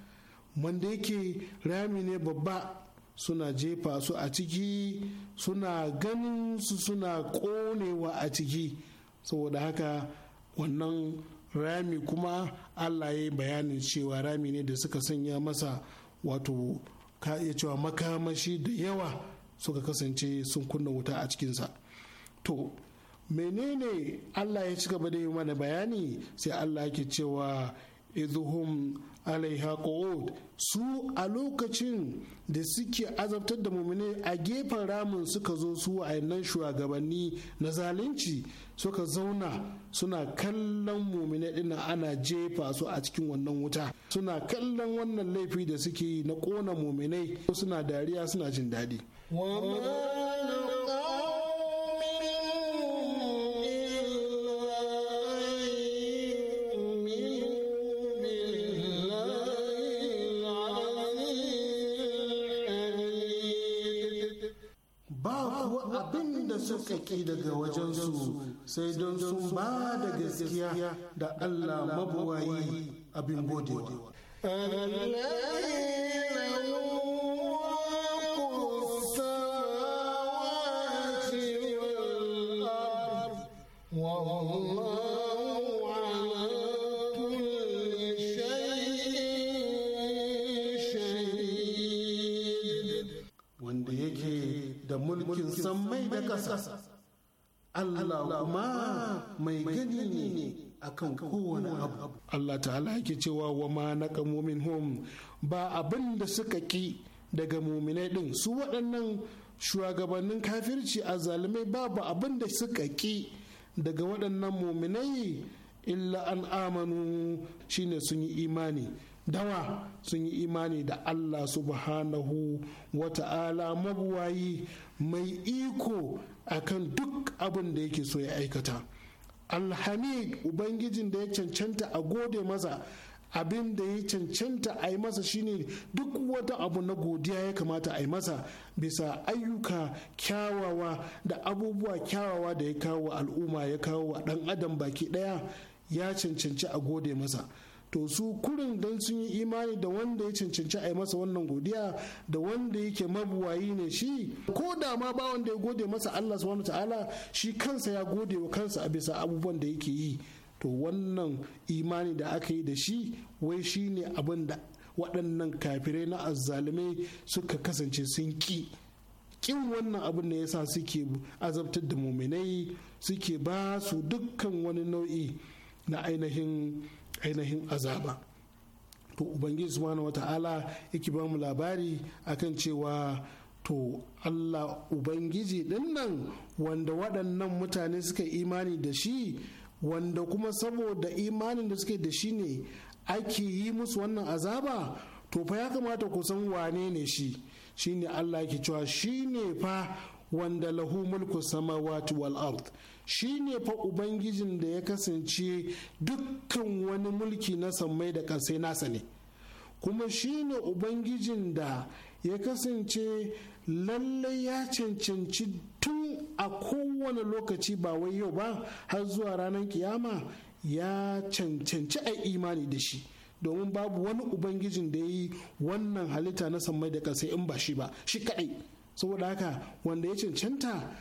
wanda yake rami ne babba suna jefa su a ciki suna ganin su suna konewa a ciki saboda haka wannan rami kuma allah ya yi bayanin cewa rami ne da suka sanya masa wato ka iya cewa makamashi da yawa suka kasance sun kunna wuta a cikinsa to menene allah ya ci gaba da yi mana bayani sai allah ke cewa izuhum alaiha qud su a lokacin da suke azabtar da mummune a gefen ramin suka zo su wa'annan shugabanni na zalunci suka zauna suna kallon mummune din ana jefa su a cikin wannan wuta suna kallon wannan laifi da suke yi na kona muminai suna dariya suna jin daɗi daga wajensu sai don sun ba da gaskiya da Allah mabuwayi abin godewa. mulkin mai da ƙasa Allah kuma mai gani ne akan kowane abu Allah ta'ala yake cewa wa ma naqamu minhum ba abin da suka ki daga muminai din su waɗannan shugabannin kafirci a zalimai babu abin da suka ki daga waɗannan muminai illa an amanu shine sun yi imani dawa sun yi imani da Allah subhanahu wa ta'ala mabuwayi mai iko akan duk abin da yake so ya aikata alhamid ubangijin da ya cancanta a gode masa abin da ya cancanta a yi masa shine duk wata abu na godiya ya kamata a yi masa bisa ayyuka kyawawa da abubuwa kyawawa da ya kawo al'umma ya kawo wa dan adam baki daya ya cancanci a gode masa to su kurin don sun yi imani da wanda ya cancanci a yi masa wannan godiya da wanda yake mabuwayi ne shi ko da ma ba wanda ya gode masa Allah subhanahu ta'ala shi kansa ya gode wa kansa a bisa abubuwan da yake yi to wannan imani da aka yi da shi wai shi ne abin da waɗannan kafirai na azzalumai suka kasance sun ki kin wannan abin da ya sa suke azabtar da muminai suke ba su dukkan wani nau'i na ainihin ainihin azaba to ubangiji subhanahu wata'ala yake ba mu labari akan cewa to Allah ubangiji din wanda waɗannan mutane suka imani da shi wanda kuma saboda imanin da suke da shi ne ake yi musu wannan azaba to fa ya kamata ku san wane ne shi shine Allah yake cewa shine fa wanda lahu mulku samawati wal ard shi ne fa ubangijin da ya kasance dukkan wani mulki na sammai da ƙasai nasa ne kuma shi ne ubangijin da ya kasance lallai ya cancanci tun a kowane lokaci ba wai yau ba har zuwa ranar kiyama ya cancanci a imani da shi domin babu wani ubangijin da ya yi wannan halitta na sammai da ƙasai in ba shi ba shi kaɗai saboda haka wanda ya cancanta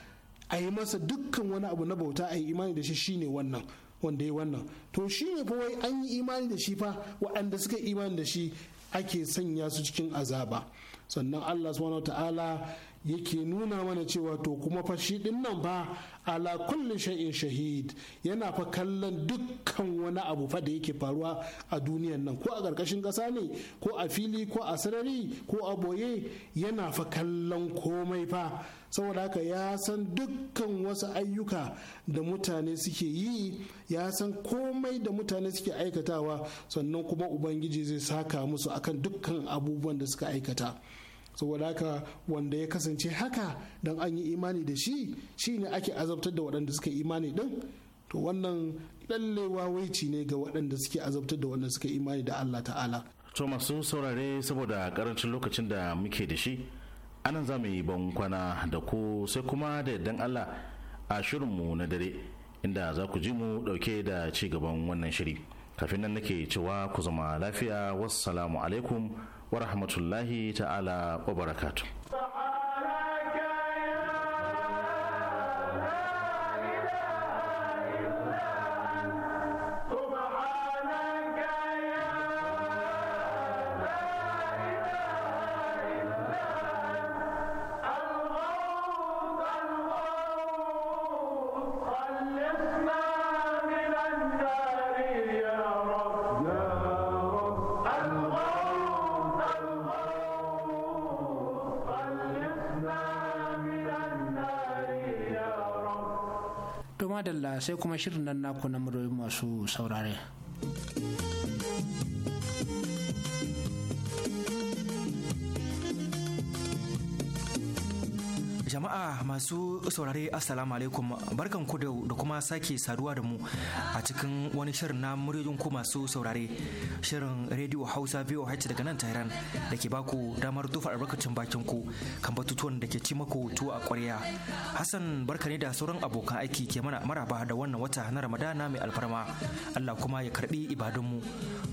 a yi masa dukkan wani abu na bauta a yi imani da shi shine wannan wanda ya wannan to shi ne fa wai an yi imani da shi fa waɗanda suka imani da shi ake sanya su cikin azaba sannan Allah subhanahu ta'ala yake nuna mana cewa to kuma fa shi din nan ba ala kulli shay'in shahid yana fa kallon dukkan wani abu fa da yake faruwa a duniyan nan ko a ƙarƙashin ƙasa ne ko a fili ko a sarari ko a boye yana fa kallon komai fa saboda haka ya san dukkan wasu ayyuka da mutane suke yi ya san komai da mutane suke aikatawa sannan kuma ubangiji zai saka musu akan dukkan abubuwan da suka aikata saboda haka wanda ya kasance haka don an yi imani da shi ne ake azabtar da waɗanda suka imani ɗin to wannan ɗalle wawaici ne ga waɗanda suke azabtar da waɗanda suka imani da Allah ta'ala to masu saurare saboda karancin lokacin da muke da shi anan za mu yi ban da ku sai kuma da yardan Allah a shirin mu na dare inda za ku ji mu dauke da ci gaban wannan shiri kafin nan nake cewa ku zama lafiya wassalamu alaikum wa rahmatullahi ta'ala wa barakatuh madalla sai kuma shirin nan naku na masu saurare. Jama'a masu saurare Assalamu alaikum barkan ku da kuma sake saduwa da mu a cikin wani shirin na muryoyin ku masu saurare shirin rediyo Hausa biyu hacci daga nan Tehran da ke baku damar tufa albarkacin bakin ku kan batutuwan da ke ci maku tuwa a ƙwarya. Hassan barka ne da sauran abokan aiki ke mana maraba da wannan wata na Ramadana mai alfarma Allah kuma ya karbi mu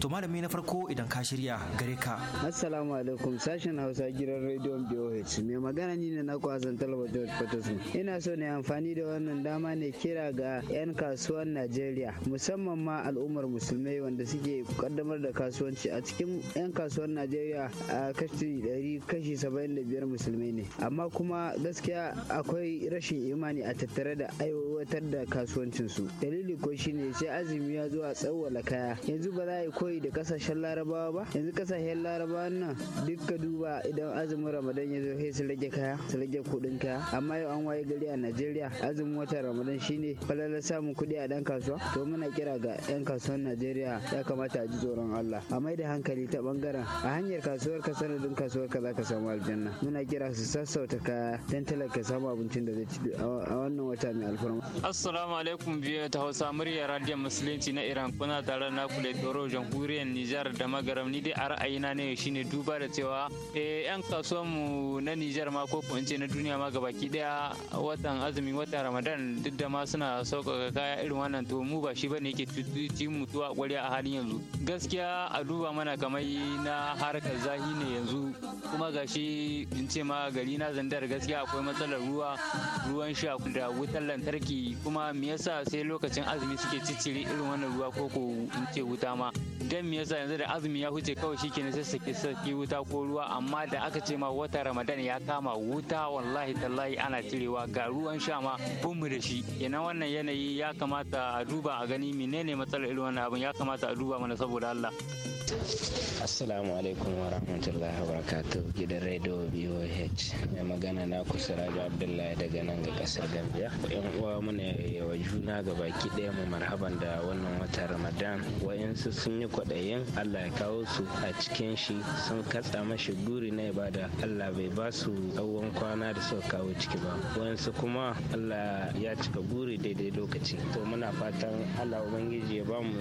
To malami na farko idan ka shirya gare ka. Assalamu alaikum sashen Hausa gidan Radio biyu mai magana ni ne na kwazantar Balwa George Patterson. Ina so na amfani da wannan dama ne kira ga 'yan kasuwan Najeriya musamman ma al'ummar musulmai wanda suke kaddamar da kasuwanci a cikin 'yan kasuwan Najeriya a kashi 100 kashi 75 musulmai ne. Amma kuma gaskiya akwai rashin imani a tattare da aiwatar da su Dalili ko shine sai azumi ya zo a tsawwala kaya. Yanzu ba za a yi koyi da kasashen larabawa ba. Yanzu kasashen larabawa nan duk ka duba idan azumin Ramadan ya zo sai su rage kaya su rage kuɗin ta amma yau an waye gari a najeriya azumin watan ramadan shine falalar samun kuɗi a dan kasuwa to muna kira ga yan kasuwan najeriya ya kamata a ji tsoron allah a mai da hankali ta bangaren a hanyar kasuwar ka sanadin kasuwar ka zaka samu aljanna muna kira su sassauta kaya dan talaka samu abincin da zai ci a wannan wata mai alfarma assalamu alaikum biyu ta hausa murya radiyon musulunci na iran kuna tare na kule toro jamhuriyar nijar da magaram ni dai a ra'ayina ne shine duba da cewa eh yan kasuwan mu na nijar ma ko ko na duniya ma ma gabaki daya watan azumi watan ramadan duk da ma suna sauƙaƙa kaya irin wannan to mu ba shi bane yake ci mutuwa ƙwarya a halin yanzu gaskiya a duba mana kamar na harkar zahi ne yanzu kuma shi in ce ma gari na zandar gaskiya akwai matsalar ruwa ruwan sha da wutar lantarki kuma me yasa sai lokacin azumi suke ciccire irin wannan ruwa ko ko in ce wuta ma dan me yasa yanzu da azumi ya huce kawai shi ne sai saki wuta ko ruwa amma da aka ce ma wata ramadan ya kama wuta wallahi tallahi ana cirewa ga ruwan sha ma bunmu da shi ina wannan yanayi ya kamata a duba a gani menene matsalar irin wannan abin ya kamata a duba mana saboda Allah Assalamu alaikum wa rahmatullahi wa barakatuh gidan Radio BOH mai magana na kusa Raja Abdullahi daga nan ga kasar Gambia. Yan uwa muna yawa juna ga baki ɗaya mu marhaban da wannan wata Ramadan. Wayansu sun yi kwaɗayin Allah ya kawo su a cikin shi sun katsa mashi guri na ibada Allah bai ba su tsawon kwana da suka kawo ciki ba. Wayansu kuma Allah ya cika guri daidai lokaci. To muna fatan Allah Ubangiji ya ba mu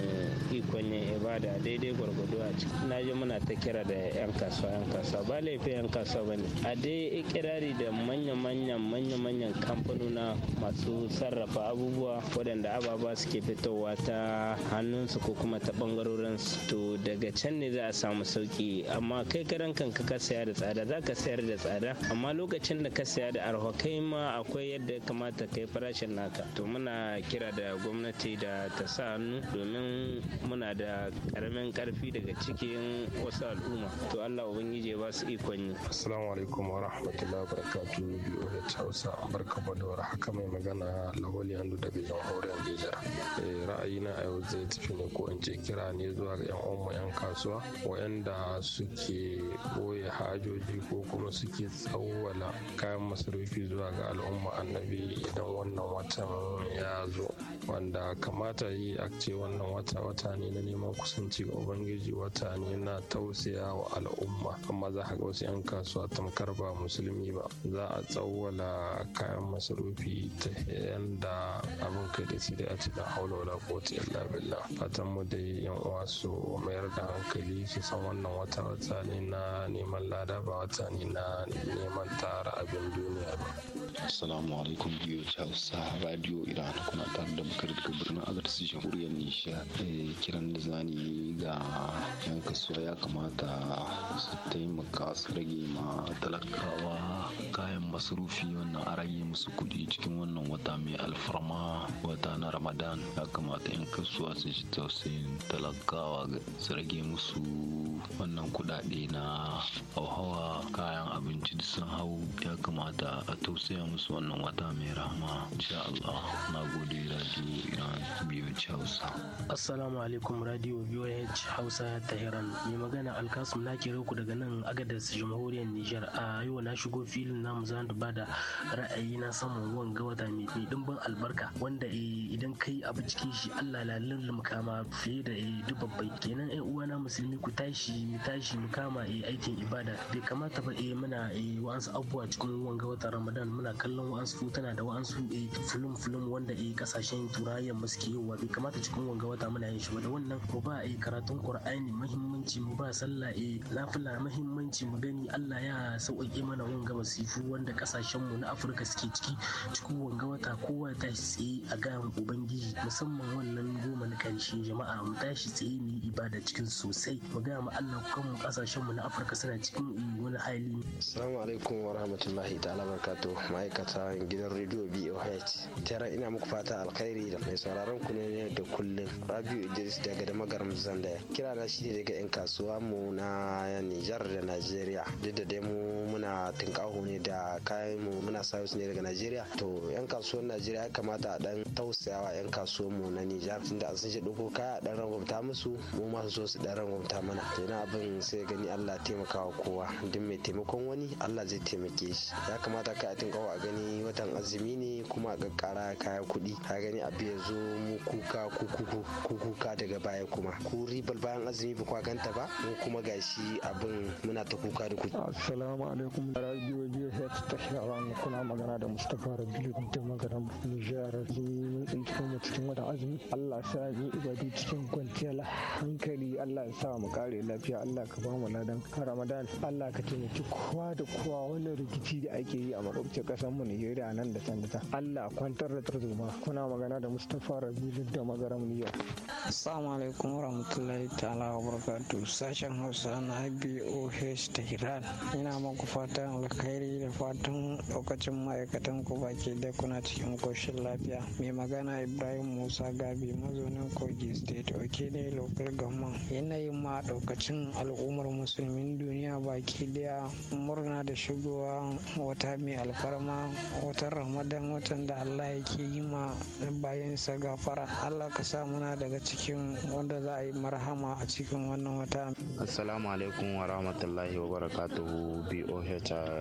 ikon yin ibada daidai gwargwado yawa na ji muna ta kira da yan kasuwa yan kasuwa ba laifin yan kasuwa ba ne a dai ikirari da manya-manyan manya-manyan kamfanuna masu sarrafa abubuwa waɗanda ababa suke fitowa ta hannunsu ko kuma ta ɓangarorin to daga can ne za a samu sauki amma kai karan kanka ka saya da tsada za ka sayar da tsada amma lokacin da ka saya da arha kai ma akwai yadda ya kamata kai farashin naka to muna kira da gwamnati da ta sa hannu domin muna da ƙaramin ƙarfi da. daga cikin wasu al'umma to Allah ubangiji ya ba su ikon yi assalamu alaikum wa rahmatullahi wa barakatuhu tausa Barka, ba da haka mai magana Lawali Andu daga jamhuriyar Nijar eh, ra'ayina a yau zai tafi ne ko in ce kira ne zuwa ga yan uwanmu yan kasuwa waɗanda suke boye hajoji ko kuma suke tsawwala kayan masarufi zuwa ga al'umma annabi idan wannan watan ya zo wanda kamata yi a ce wannan wata wata ne na neman kusanci ga ubangiji wata ne na tausaya wa al'umma amma za ka ga wasu 'yan kasuwa tamkar ba musulmi ba za a tsawwala kayan masarufi ta yanda abin kai da sai a cikin haula wala ta illa billah fatan mu dai yan uwa su mayar da hankali su san wannan wata wata ne na neman lada ba wata ne na neman tara abin duniya ba assalamu alaikum biyo usa radio iran kuna tare da bukar daga birnin agadis jamhuriyar nisha eh, kiran da zani ga yan kasuwa ya kamata su taimaka su rage ma talakawa kayan masarufi wannan a rage musu kuɗi cikin wannan wata mai alfarma wata na ramadan ya kamata yan kasuwa su ji tausayin talakawa su rage musu wannan kuɗaɗe na hauhawa kayan abinci da sun hau ya kamata a tausaya musu wannan wata mai rahama insha Allah na gode radio Iran biyu Hausa assalamu alaikum radio biyu Hausa ta Tahiran mai magana Alkasum na kira ku daga nan agadas Jamhuriyar Nijar a yau na shigo filin namu za ba da ra'ayi na samun wanga wata mai dimbin albarka wanda eh, idan kai abu cikin shi Allah lalin mukama fiye da eh, dubabbai kenan ai uwana musulmi ku tashi mu tashi mu kama eh, aikin ibada bai kamata ba eh muna wa'ansu abubuwa cikin wanga wata Ramadan muna kallon wa'ansu futuna da wa'ansu fulum fulum wanda kasashen turayen muske ke yi wa bai kamata cikin wanga wata muna yin shi ba da wannan ko ba karatun Qur'ani qur'ani mahimmanci mu ba sallah eh nafila mahimmanci mu gani Allah ya sauƙaƙe mana wanga masifu wanda kasashen mu na Afirka suke ciki cikin wanga wata kowa ta tsaye a ga ubangiji musamman wannan goma na karshe jama'a mu tashi tsaye mu yi ibada cikin sosai mu ga mu Allah kan mu kasashen mu na Afirka suna cikin eh, wani hali assalamu alaikum wa rahmatullahi ta'ala barkatu ma'aikatan gidan rediyo BOH tare ina muku fata alkhairi da mai sauraron ku ne da kullum Rabiu Idris daga da magaram Zandaya kira na shi ne daga 'yan kasuwa mu na Nijar da Najeriya duk da dai mu muna tinkaho ne da kayan mu muna sayo ne daga Najeriya to 'yan kasuwar Najeriya ya kamata a dan tausayawa 'yan kasuwar mu na Nijar da an sun shi ɗauko kaya a dan rangwamta musu mu ma so su dan rangwamta mana to yana abin sai gani Allah taimakawa kowa duk mai taimakon wani Allah zai taimake shi ya kamata ka a tinkaho a gani watan azumi ne kuma a kakkara kaya kuɗi ka gani a ya zo mu kuka kukuka daga baya kuma ku ribal bayan zai ba ganta ba ko kuma gashi abin muna ta kuka da ku Assalamu alaikum radio GH ta shawaran kuna magana da mustafa Rabiu da magana Nijar zini mun tsinci kuma cikin wata azumi Allah sa ni ibadu cikin kwanciyar hankali Allah ya sa mu kare lafiya Allah ka ba mu ladan Ramadan Allah ka taimaki kowa da kowa wannan rikici da ake yi a makwabcin kasar mu Nijeriya nan da can da Allah kwantar da tarzoma kuna magana da Mustapha Rabiu da magana Nijar. Assalamu alaikum warahmatullahi ta'ala rahmatullahi wa sashen hausa na boh tehran ina maku fatan alkhairi da fatan lokacin ma'aikatan ku baki da kuna cikin koshin lafiya mai magana ibrahim musa gabi mazaunin kogi state oke ne local government yanayin ma lokacin al'ummar musulmin duniya baki daya murna da shigowa wata mai alfarma watan ramadan watan da allah yake yi ma bayan sa gafara allah ka sa muna daga cikin wanda za a yi marhama a cikin wannan wata assalamu alaikum wa rahmatullahi wa barakatuhu boh uh,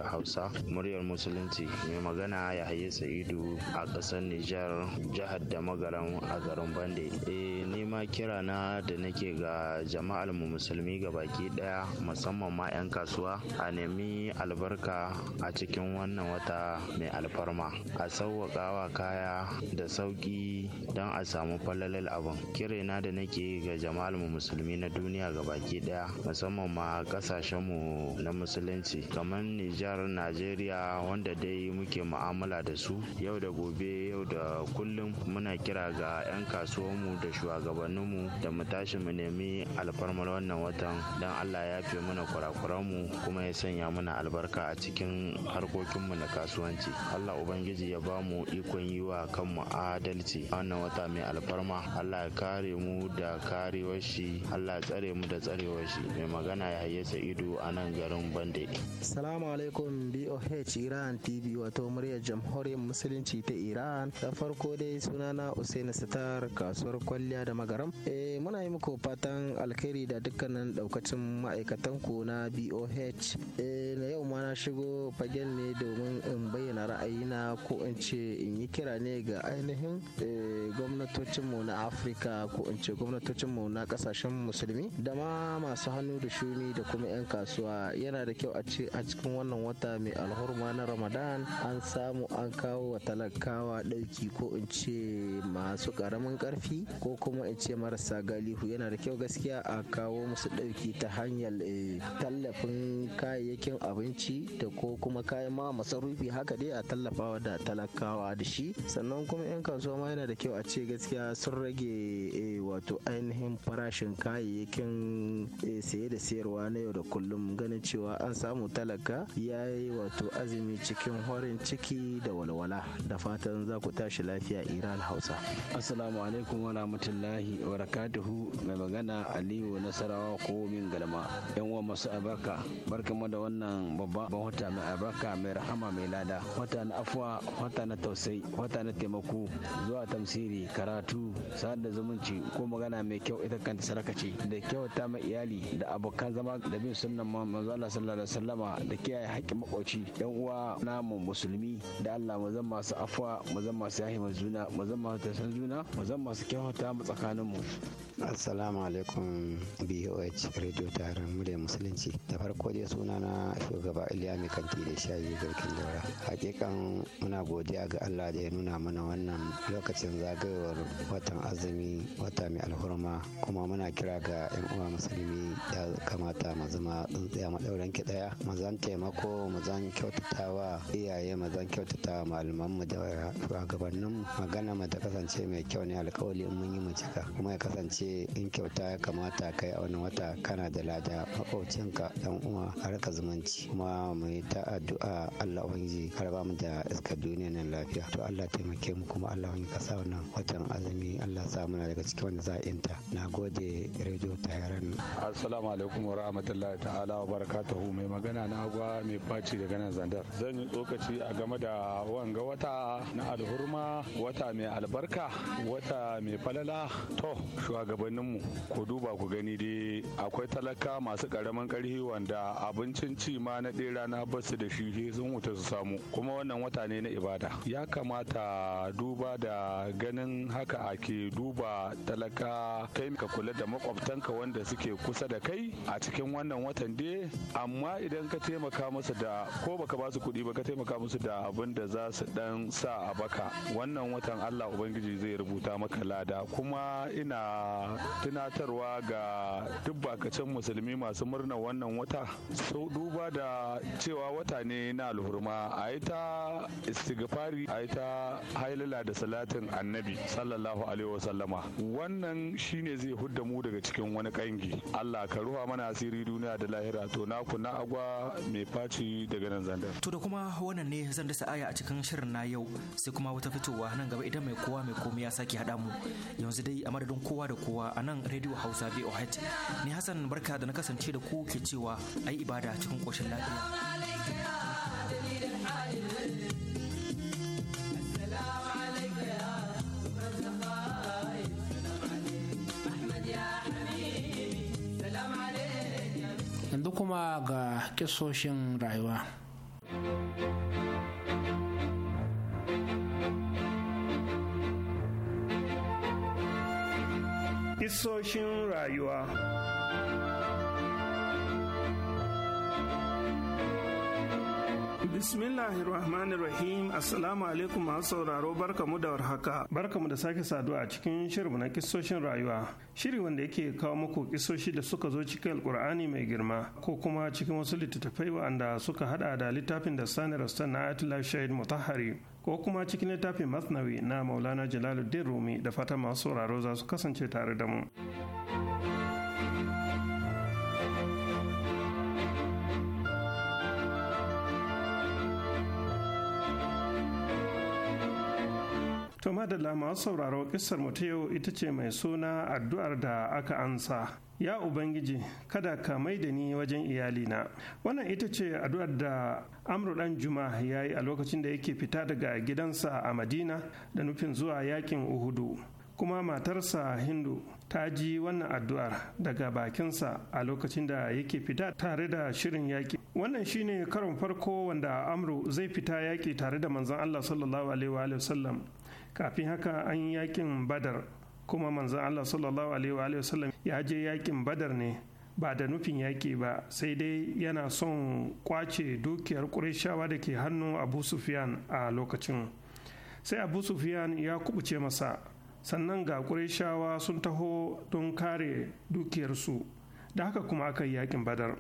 hausa muryar musulunci mai magana ya haye sa'idu a ƙasar nijar jihar da magaran a garin bande eh ni ma kira na da nake ga jama'ar mu musulmi ga baki daya musamman ma 'yan kasuwa a nemi albarka a cikin wannan wata mai alfarma a sauwaƙawa kaya da sauƙi don a samu falalal abin na da nake ga jama'ar mu musulmi na duniya ga baki ɗaya, musamman ma mu na musulunci kamar nijar najeriya wanda dai muke mu'amala da su yau da gobe yau da kullum muna kira ga 'yan mu da shugabannin mu da mu tashi mu nemi alfarmar wannan watan don allah ya fi mana mu kuma ya sanya mana albarka a cikin harkokinmu na kasuwanci allah ubangiji ya ba mu ikon yi wa kanmu adalci a wannan wata mai alfarma allah ya kare mu da karewar shi allah Allah tsare mu da tsarewar shi mai magana ya hayya ido a nan garin bande salamu alaikum boh iran tv wato muryar jamhuriyar musulunci ta iran da farko dai sunana usaini sitar kasuwar kwalliya da magaram e muna yi muku fatan alkhairi da dukkanin daukacin ma'aikatan ku na boh eh, na yau ma na shigo fagen ne domin in bayyana ra'ayina ko in ce in yi kira ne ga ainihin eh, gwamnatocinmu na afirka ko in ce gwamnatocinmu na kasashen musulunci musulmi da ma masu hannu da shuni da kuma 'yan kasuwa yana da kyau a ce a cikin wannan wata mai alhurma na ramadan an samu an kawo wa talakawa ɗauki ko in ce masu ƙaramin ƙarfi ko kuma in ce marasa galihu yana da kyau gaskiya a kawo musu ɗauki ta hanyar eh, tallafin kayayyakin abinci da ko kuma kayan ma masarufi haka dai a tallafawa da talakawa da shi sannan kuma 'yan kasuwa ma yana da kyau a ce gaskiya sun rage eh, wato ainihin farashin kayayyaki kayayyakin eh, saye da sayarwa na yau da kullum ganin cewa an samu talaka ya yi wato azumi cikin horin ciki da walwala da fatan za ku tashi lafiya iran hausa assalamu alaikum wa rahmatullahi wa barakatuhu mai magana aliyu nasarawa ko min galma yan uwa masu albarka barkamu da wannan babban wata mai albarka mai rahama mai lada wata na afuwa wata na tausayi wata na taimako zuwa tamsiri karatu sa'ad da zumunci ko magana mai kyau ita kanta sarakaci da kyauta ma iyali da abokan zama da bin sunnan manzo Allah sallallahu alaihi wasallama da kiyaye haƙƙin makoci yan uwa namu musulmi da Allah mu zama masu afwa mu zama masu yahi juna mu zama masu tasan juna mu zama masu kyauta mu tsakanin mu assalamu alaikum boh radio taron muryar musulunci da farko dai suna na shugaba iliya mai kanti da shayi garkin daura hakikan muna godiya ga allah da ya nuna mana wannan lokacin zagayowar watan azumi wata mai alhurma kuma muna kira ga yan uwa musulmi ya kamata mu zama tsintsiya maɗauran ki ɗaya mu zan taimako mu zan kyautatawa iyaye mu zan kyautatawa malaman mu da shugabannin magana mu ta kasance mai kyau ne alkawali in mun yi mu cika kuma ya kasance in kyauta ya kamata kai a wani wata kana da lada maƙocinka yan uwa harka zumunci kuma mu yi ta addu'a Allah ubangiji har ba mu da iskar duniya nan lafiya to Allah taimake mu kuma Allah wani kasa wannan watan azumi Allah sa muna daga cikin wanda za a inta na gode radio tahiran assalamu alaikum wa rahmatullahi ta'ala wa barakatuhu mai magana na agwa mai faci daga nan zandar zan yi tsokaci a game da wanga wata na alhurma wata mai albarka wata mai falala to shugabanninmu ku duba ku gani dai akwai talaka masu karamin karhi wanda abincin ci ma na dera na basu da shi sun wuta su samu kuma wannan wata ne na ibada ya kamata duba da ganin haka ake duba talaka kai ka kula da makwabta ɗanka wanda suke kusa da kai a cikin wannan watan dai amma idan ka taimaka musu da ko baka basu kuɗi ba ka taimaka musu da abin da za su dan sa a baka wannan watan Allah ubangiji zai rubuta maka lada kuma ina tunatarwa ga duk bakacin musulmi masu murnar wannan wata so duba da cewa wata ne na alhurma a yi ta istighfari a yi ta hailala da salatin annabi sallallahu alaihi wasallama wannan shine zai hudda mu daga cikin cikin wani kangi Allah ka ruwa mana asiri duniya da lahira to na kuna agwa mai faci daga nan zanda to da kuma wannan ne zan dasa aya a cikin shirin na yau sai kuma wata fitowa nan gaba idan mai kowa mai komai ya sake haɗa mu yanzu dai a madadin kowa da kowa a nan radio hausa voh ni hassan barka da na kasance da ku ke cewa ai ibada cikin koshin lafiya kuma ga kisoshin rayuwa. Kisoshin rayuwa Bismillahirrahmanirrahim Assalamu alaikum masu sauraro barkamu da warhaka. Barkamu da sake saduwa a cikin shirin na kisoshin rayuwa. Shiri wanda yake kawo muku kisoshi da suka zo cikin Alkur'ani mai girma ko kuma cikin wasu littattafai wanda suka hada da littafin da Sani Rastan na Atila Shahid Mutahari ko kuma cikin littafin Masnawi na Maulana Jalaluddin Rumi da fata masu sauraro za su kasance tare da mu. To madalla masu sauraro kisar mu ta yau ita ce mai suna addu'ar da aka ansa. Ya Ubangiji, kada ka mai da ni wajen iyalina. Wannan ita ce addu'ar da Amru dan Juma ya yi a lokacin da yake fita daga gidansa a Madina da nufin zuwa yakin Uhudu. Kuma matarsa Hindu ta ji wannan addu'ar daga bakinsa a lokacin da yake fita tare da shirin yaƙi. Wannan shine karon farko wanda Amru zai fita yaƙi tare da manzon Allah sallallahu alaihi wa sallam. kafin haka an yi yakin badar kuma manzan allah sallallahu alaihi sallam ya je yakin badar ne ba da nufin yaƙi ba sai dai yana son kwace dukiyar ƙurashawa da ke hannun abu sufyan a lokacin sai abu Sufiyan ya kubuce masa sannan ga ƙurashawa sun taho don kare dukiyarsu da haka kuma aka yi yaƙin badar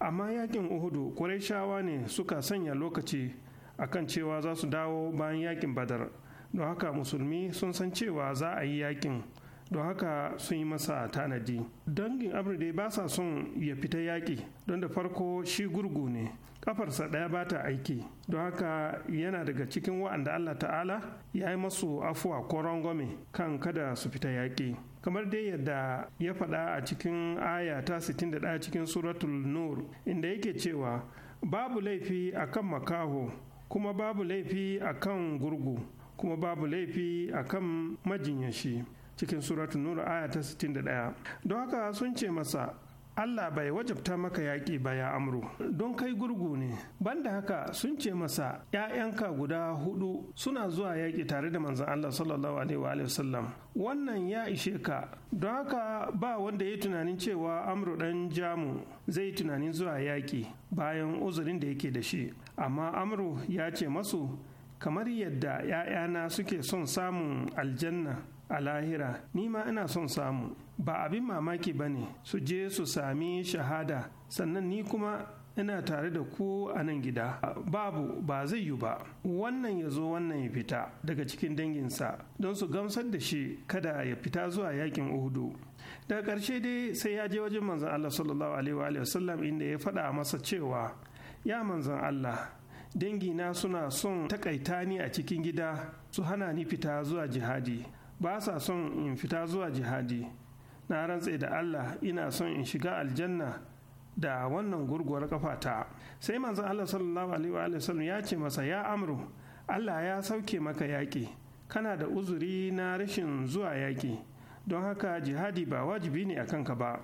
amma yaƙin uhudu ƙurashawa ne suka sanya lokaci akan cewa za su dawo bayan yaƙin badar don haka musulmi sun san cewa za a yi yakin don haka sun yi masa tanadi dangin abride basa ba sa son ya fita yaƙi don da farko shi gurgu ne kafarsa ɗaya ba ta aiki don haka yana daga cikin wa'anda allah ta'ala ya yi masu afuwa ko rangwame kan kada su fita yaƙi kamar dai yadda ya faɗa a cikin aya ta 61 cikin suratul nur inda yake cewa babu laifi akan makaho kuma babu laifi akan gurgu kuma babu laifi a akan majinyashi cikin suratun nur aya ta 61 don haka sun ce masa Allah bai wajabta maka yaƙi ba ya amru don kai gurgu ne banda haka sun ce masa ‘ya'yanka guda hudu suna zuwa yaƙi tare da manzan Allah sallallahu alaihi wa sallam wannan ya ishe ka don haka ba wanda ya tunanin cewa amru ɗan jamu zai tunanin zuwa yaƙi bayan uzurin da yake da shi amma amru ya ce masu kamar yadda ‘ya'yana suke son samun aljanna a lahira ni ma ina son samu ba abin mamaki ba ne su je su sami shahada sannan ni kuma ina tare da ku a nan gida babu ba zai yi ba wannan ya zo wannan ya fita daga cikin danginsa don su gamsar da shi kada ya fita zuwa yakin uhudu daga ƙarshe dai sai ya je wajen manzon Allah sallallahu alaihi wa sallam inda ya faɗa masa cewa ya manzon Allah dangina suna son takaita ni a cikin gida su hana ni fita zuwa jihadi ba sa son in fita zuwa jihadi na rantse da Allah ina son in shiga aljanna da wannan gurguwar ta. sai manzon Allah sallallahu alaihi wa sallam ya ce masa ya amru Allah ya sauke maka yaƙi kana da uzuri na rashin zuwa yaƙi don haka jihadi ba wajibi ne a kanka ba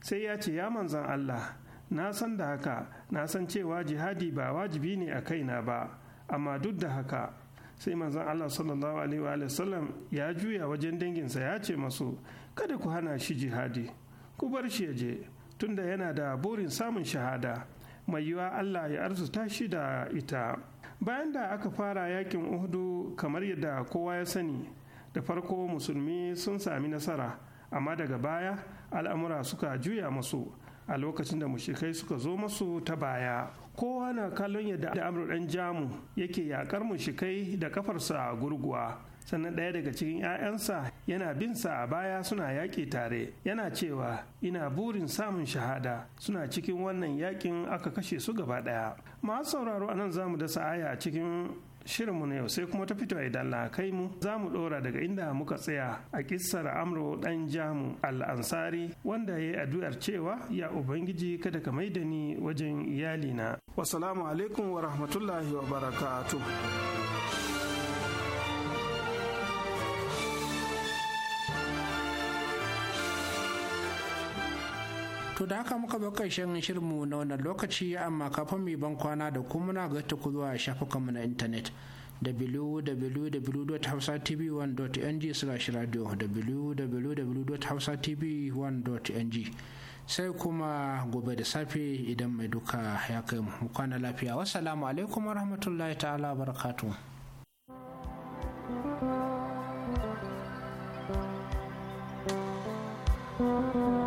sai ya ce ya manzan Allah na san da haka na san cewa jihadi ba wajibi ne a kaina ba amma duk da haka sai manzon Allah sallallahu alaihi wa sallam ya juya wajen danginsa ya ce masu kada ku hana shi jihadi ku bar shi ya je tunda yana da burin samun shahada mai yiwa Allah ya arzuta shi da ita bayan da aka fara yakin uhudu kamar yadda kowa ya sani da farko musulmi sun sami nasara amma daga baya al'amura suka juya masu a lokacin da mushrikai suka zo masu ta baya kowa na kallon yadda amru dan jamu yake yakar mushrikai da kafarsa a gurguwa sannan ɗaya daga cikin 'ya'yansa yana bin sa a baya suna yaƙi tare yana cewa ina burin samun shahada suna cikin wannan yaƙin aka kashe su gaba ɗaya masu sauraro a anan zamu dasa aya cikin shirinmu na yau sai kuma ta fito idan la kai mu za mu ɗora daga inda muka tsaya a kissar amro ɗan jamu al'ansari wanda ya yi addu'ar cewa ya ubangiji kada ka mai da ni wajen iyalina wasalamu alaikum wa rahmatullahi wa barakatuh to da haka muka bar shan shirinmu na wannan lokaci amma kafin mu ban kwana da kuma na ga ta zuwa shafukanmu na intanet www.hausatv1.ng/radio www.hausatv1.ng sai kuma gobe da safe idan mai duka ya kai mu kwana lafiya wassalamu alaikum warahmatullahi ta'ala barakatuh thank you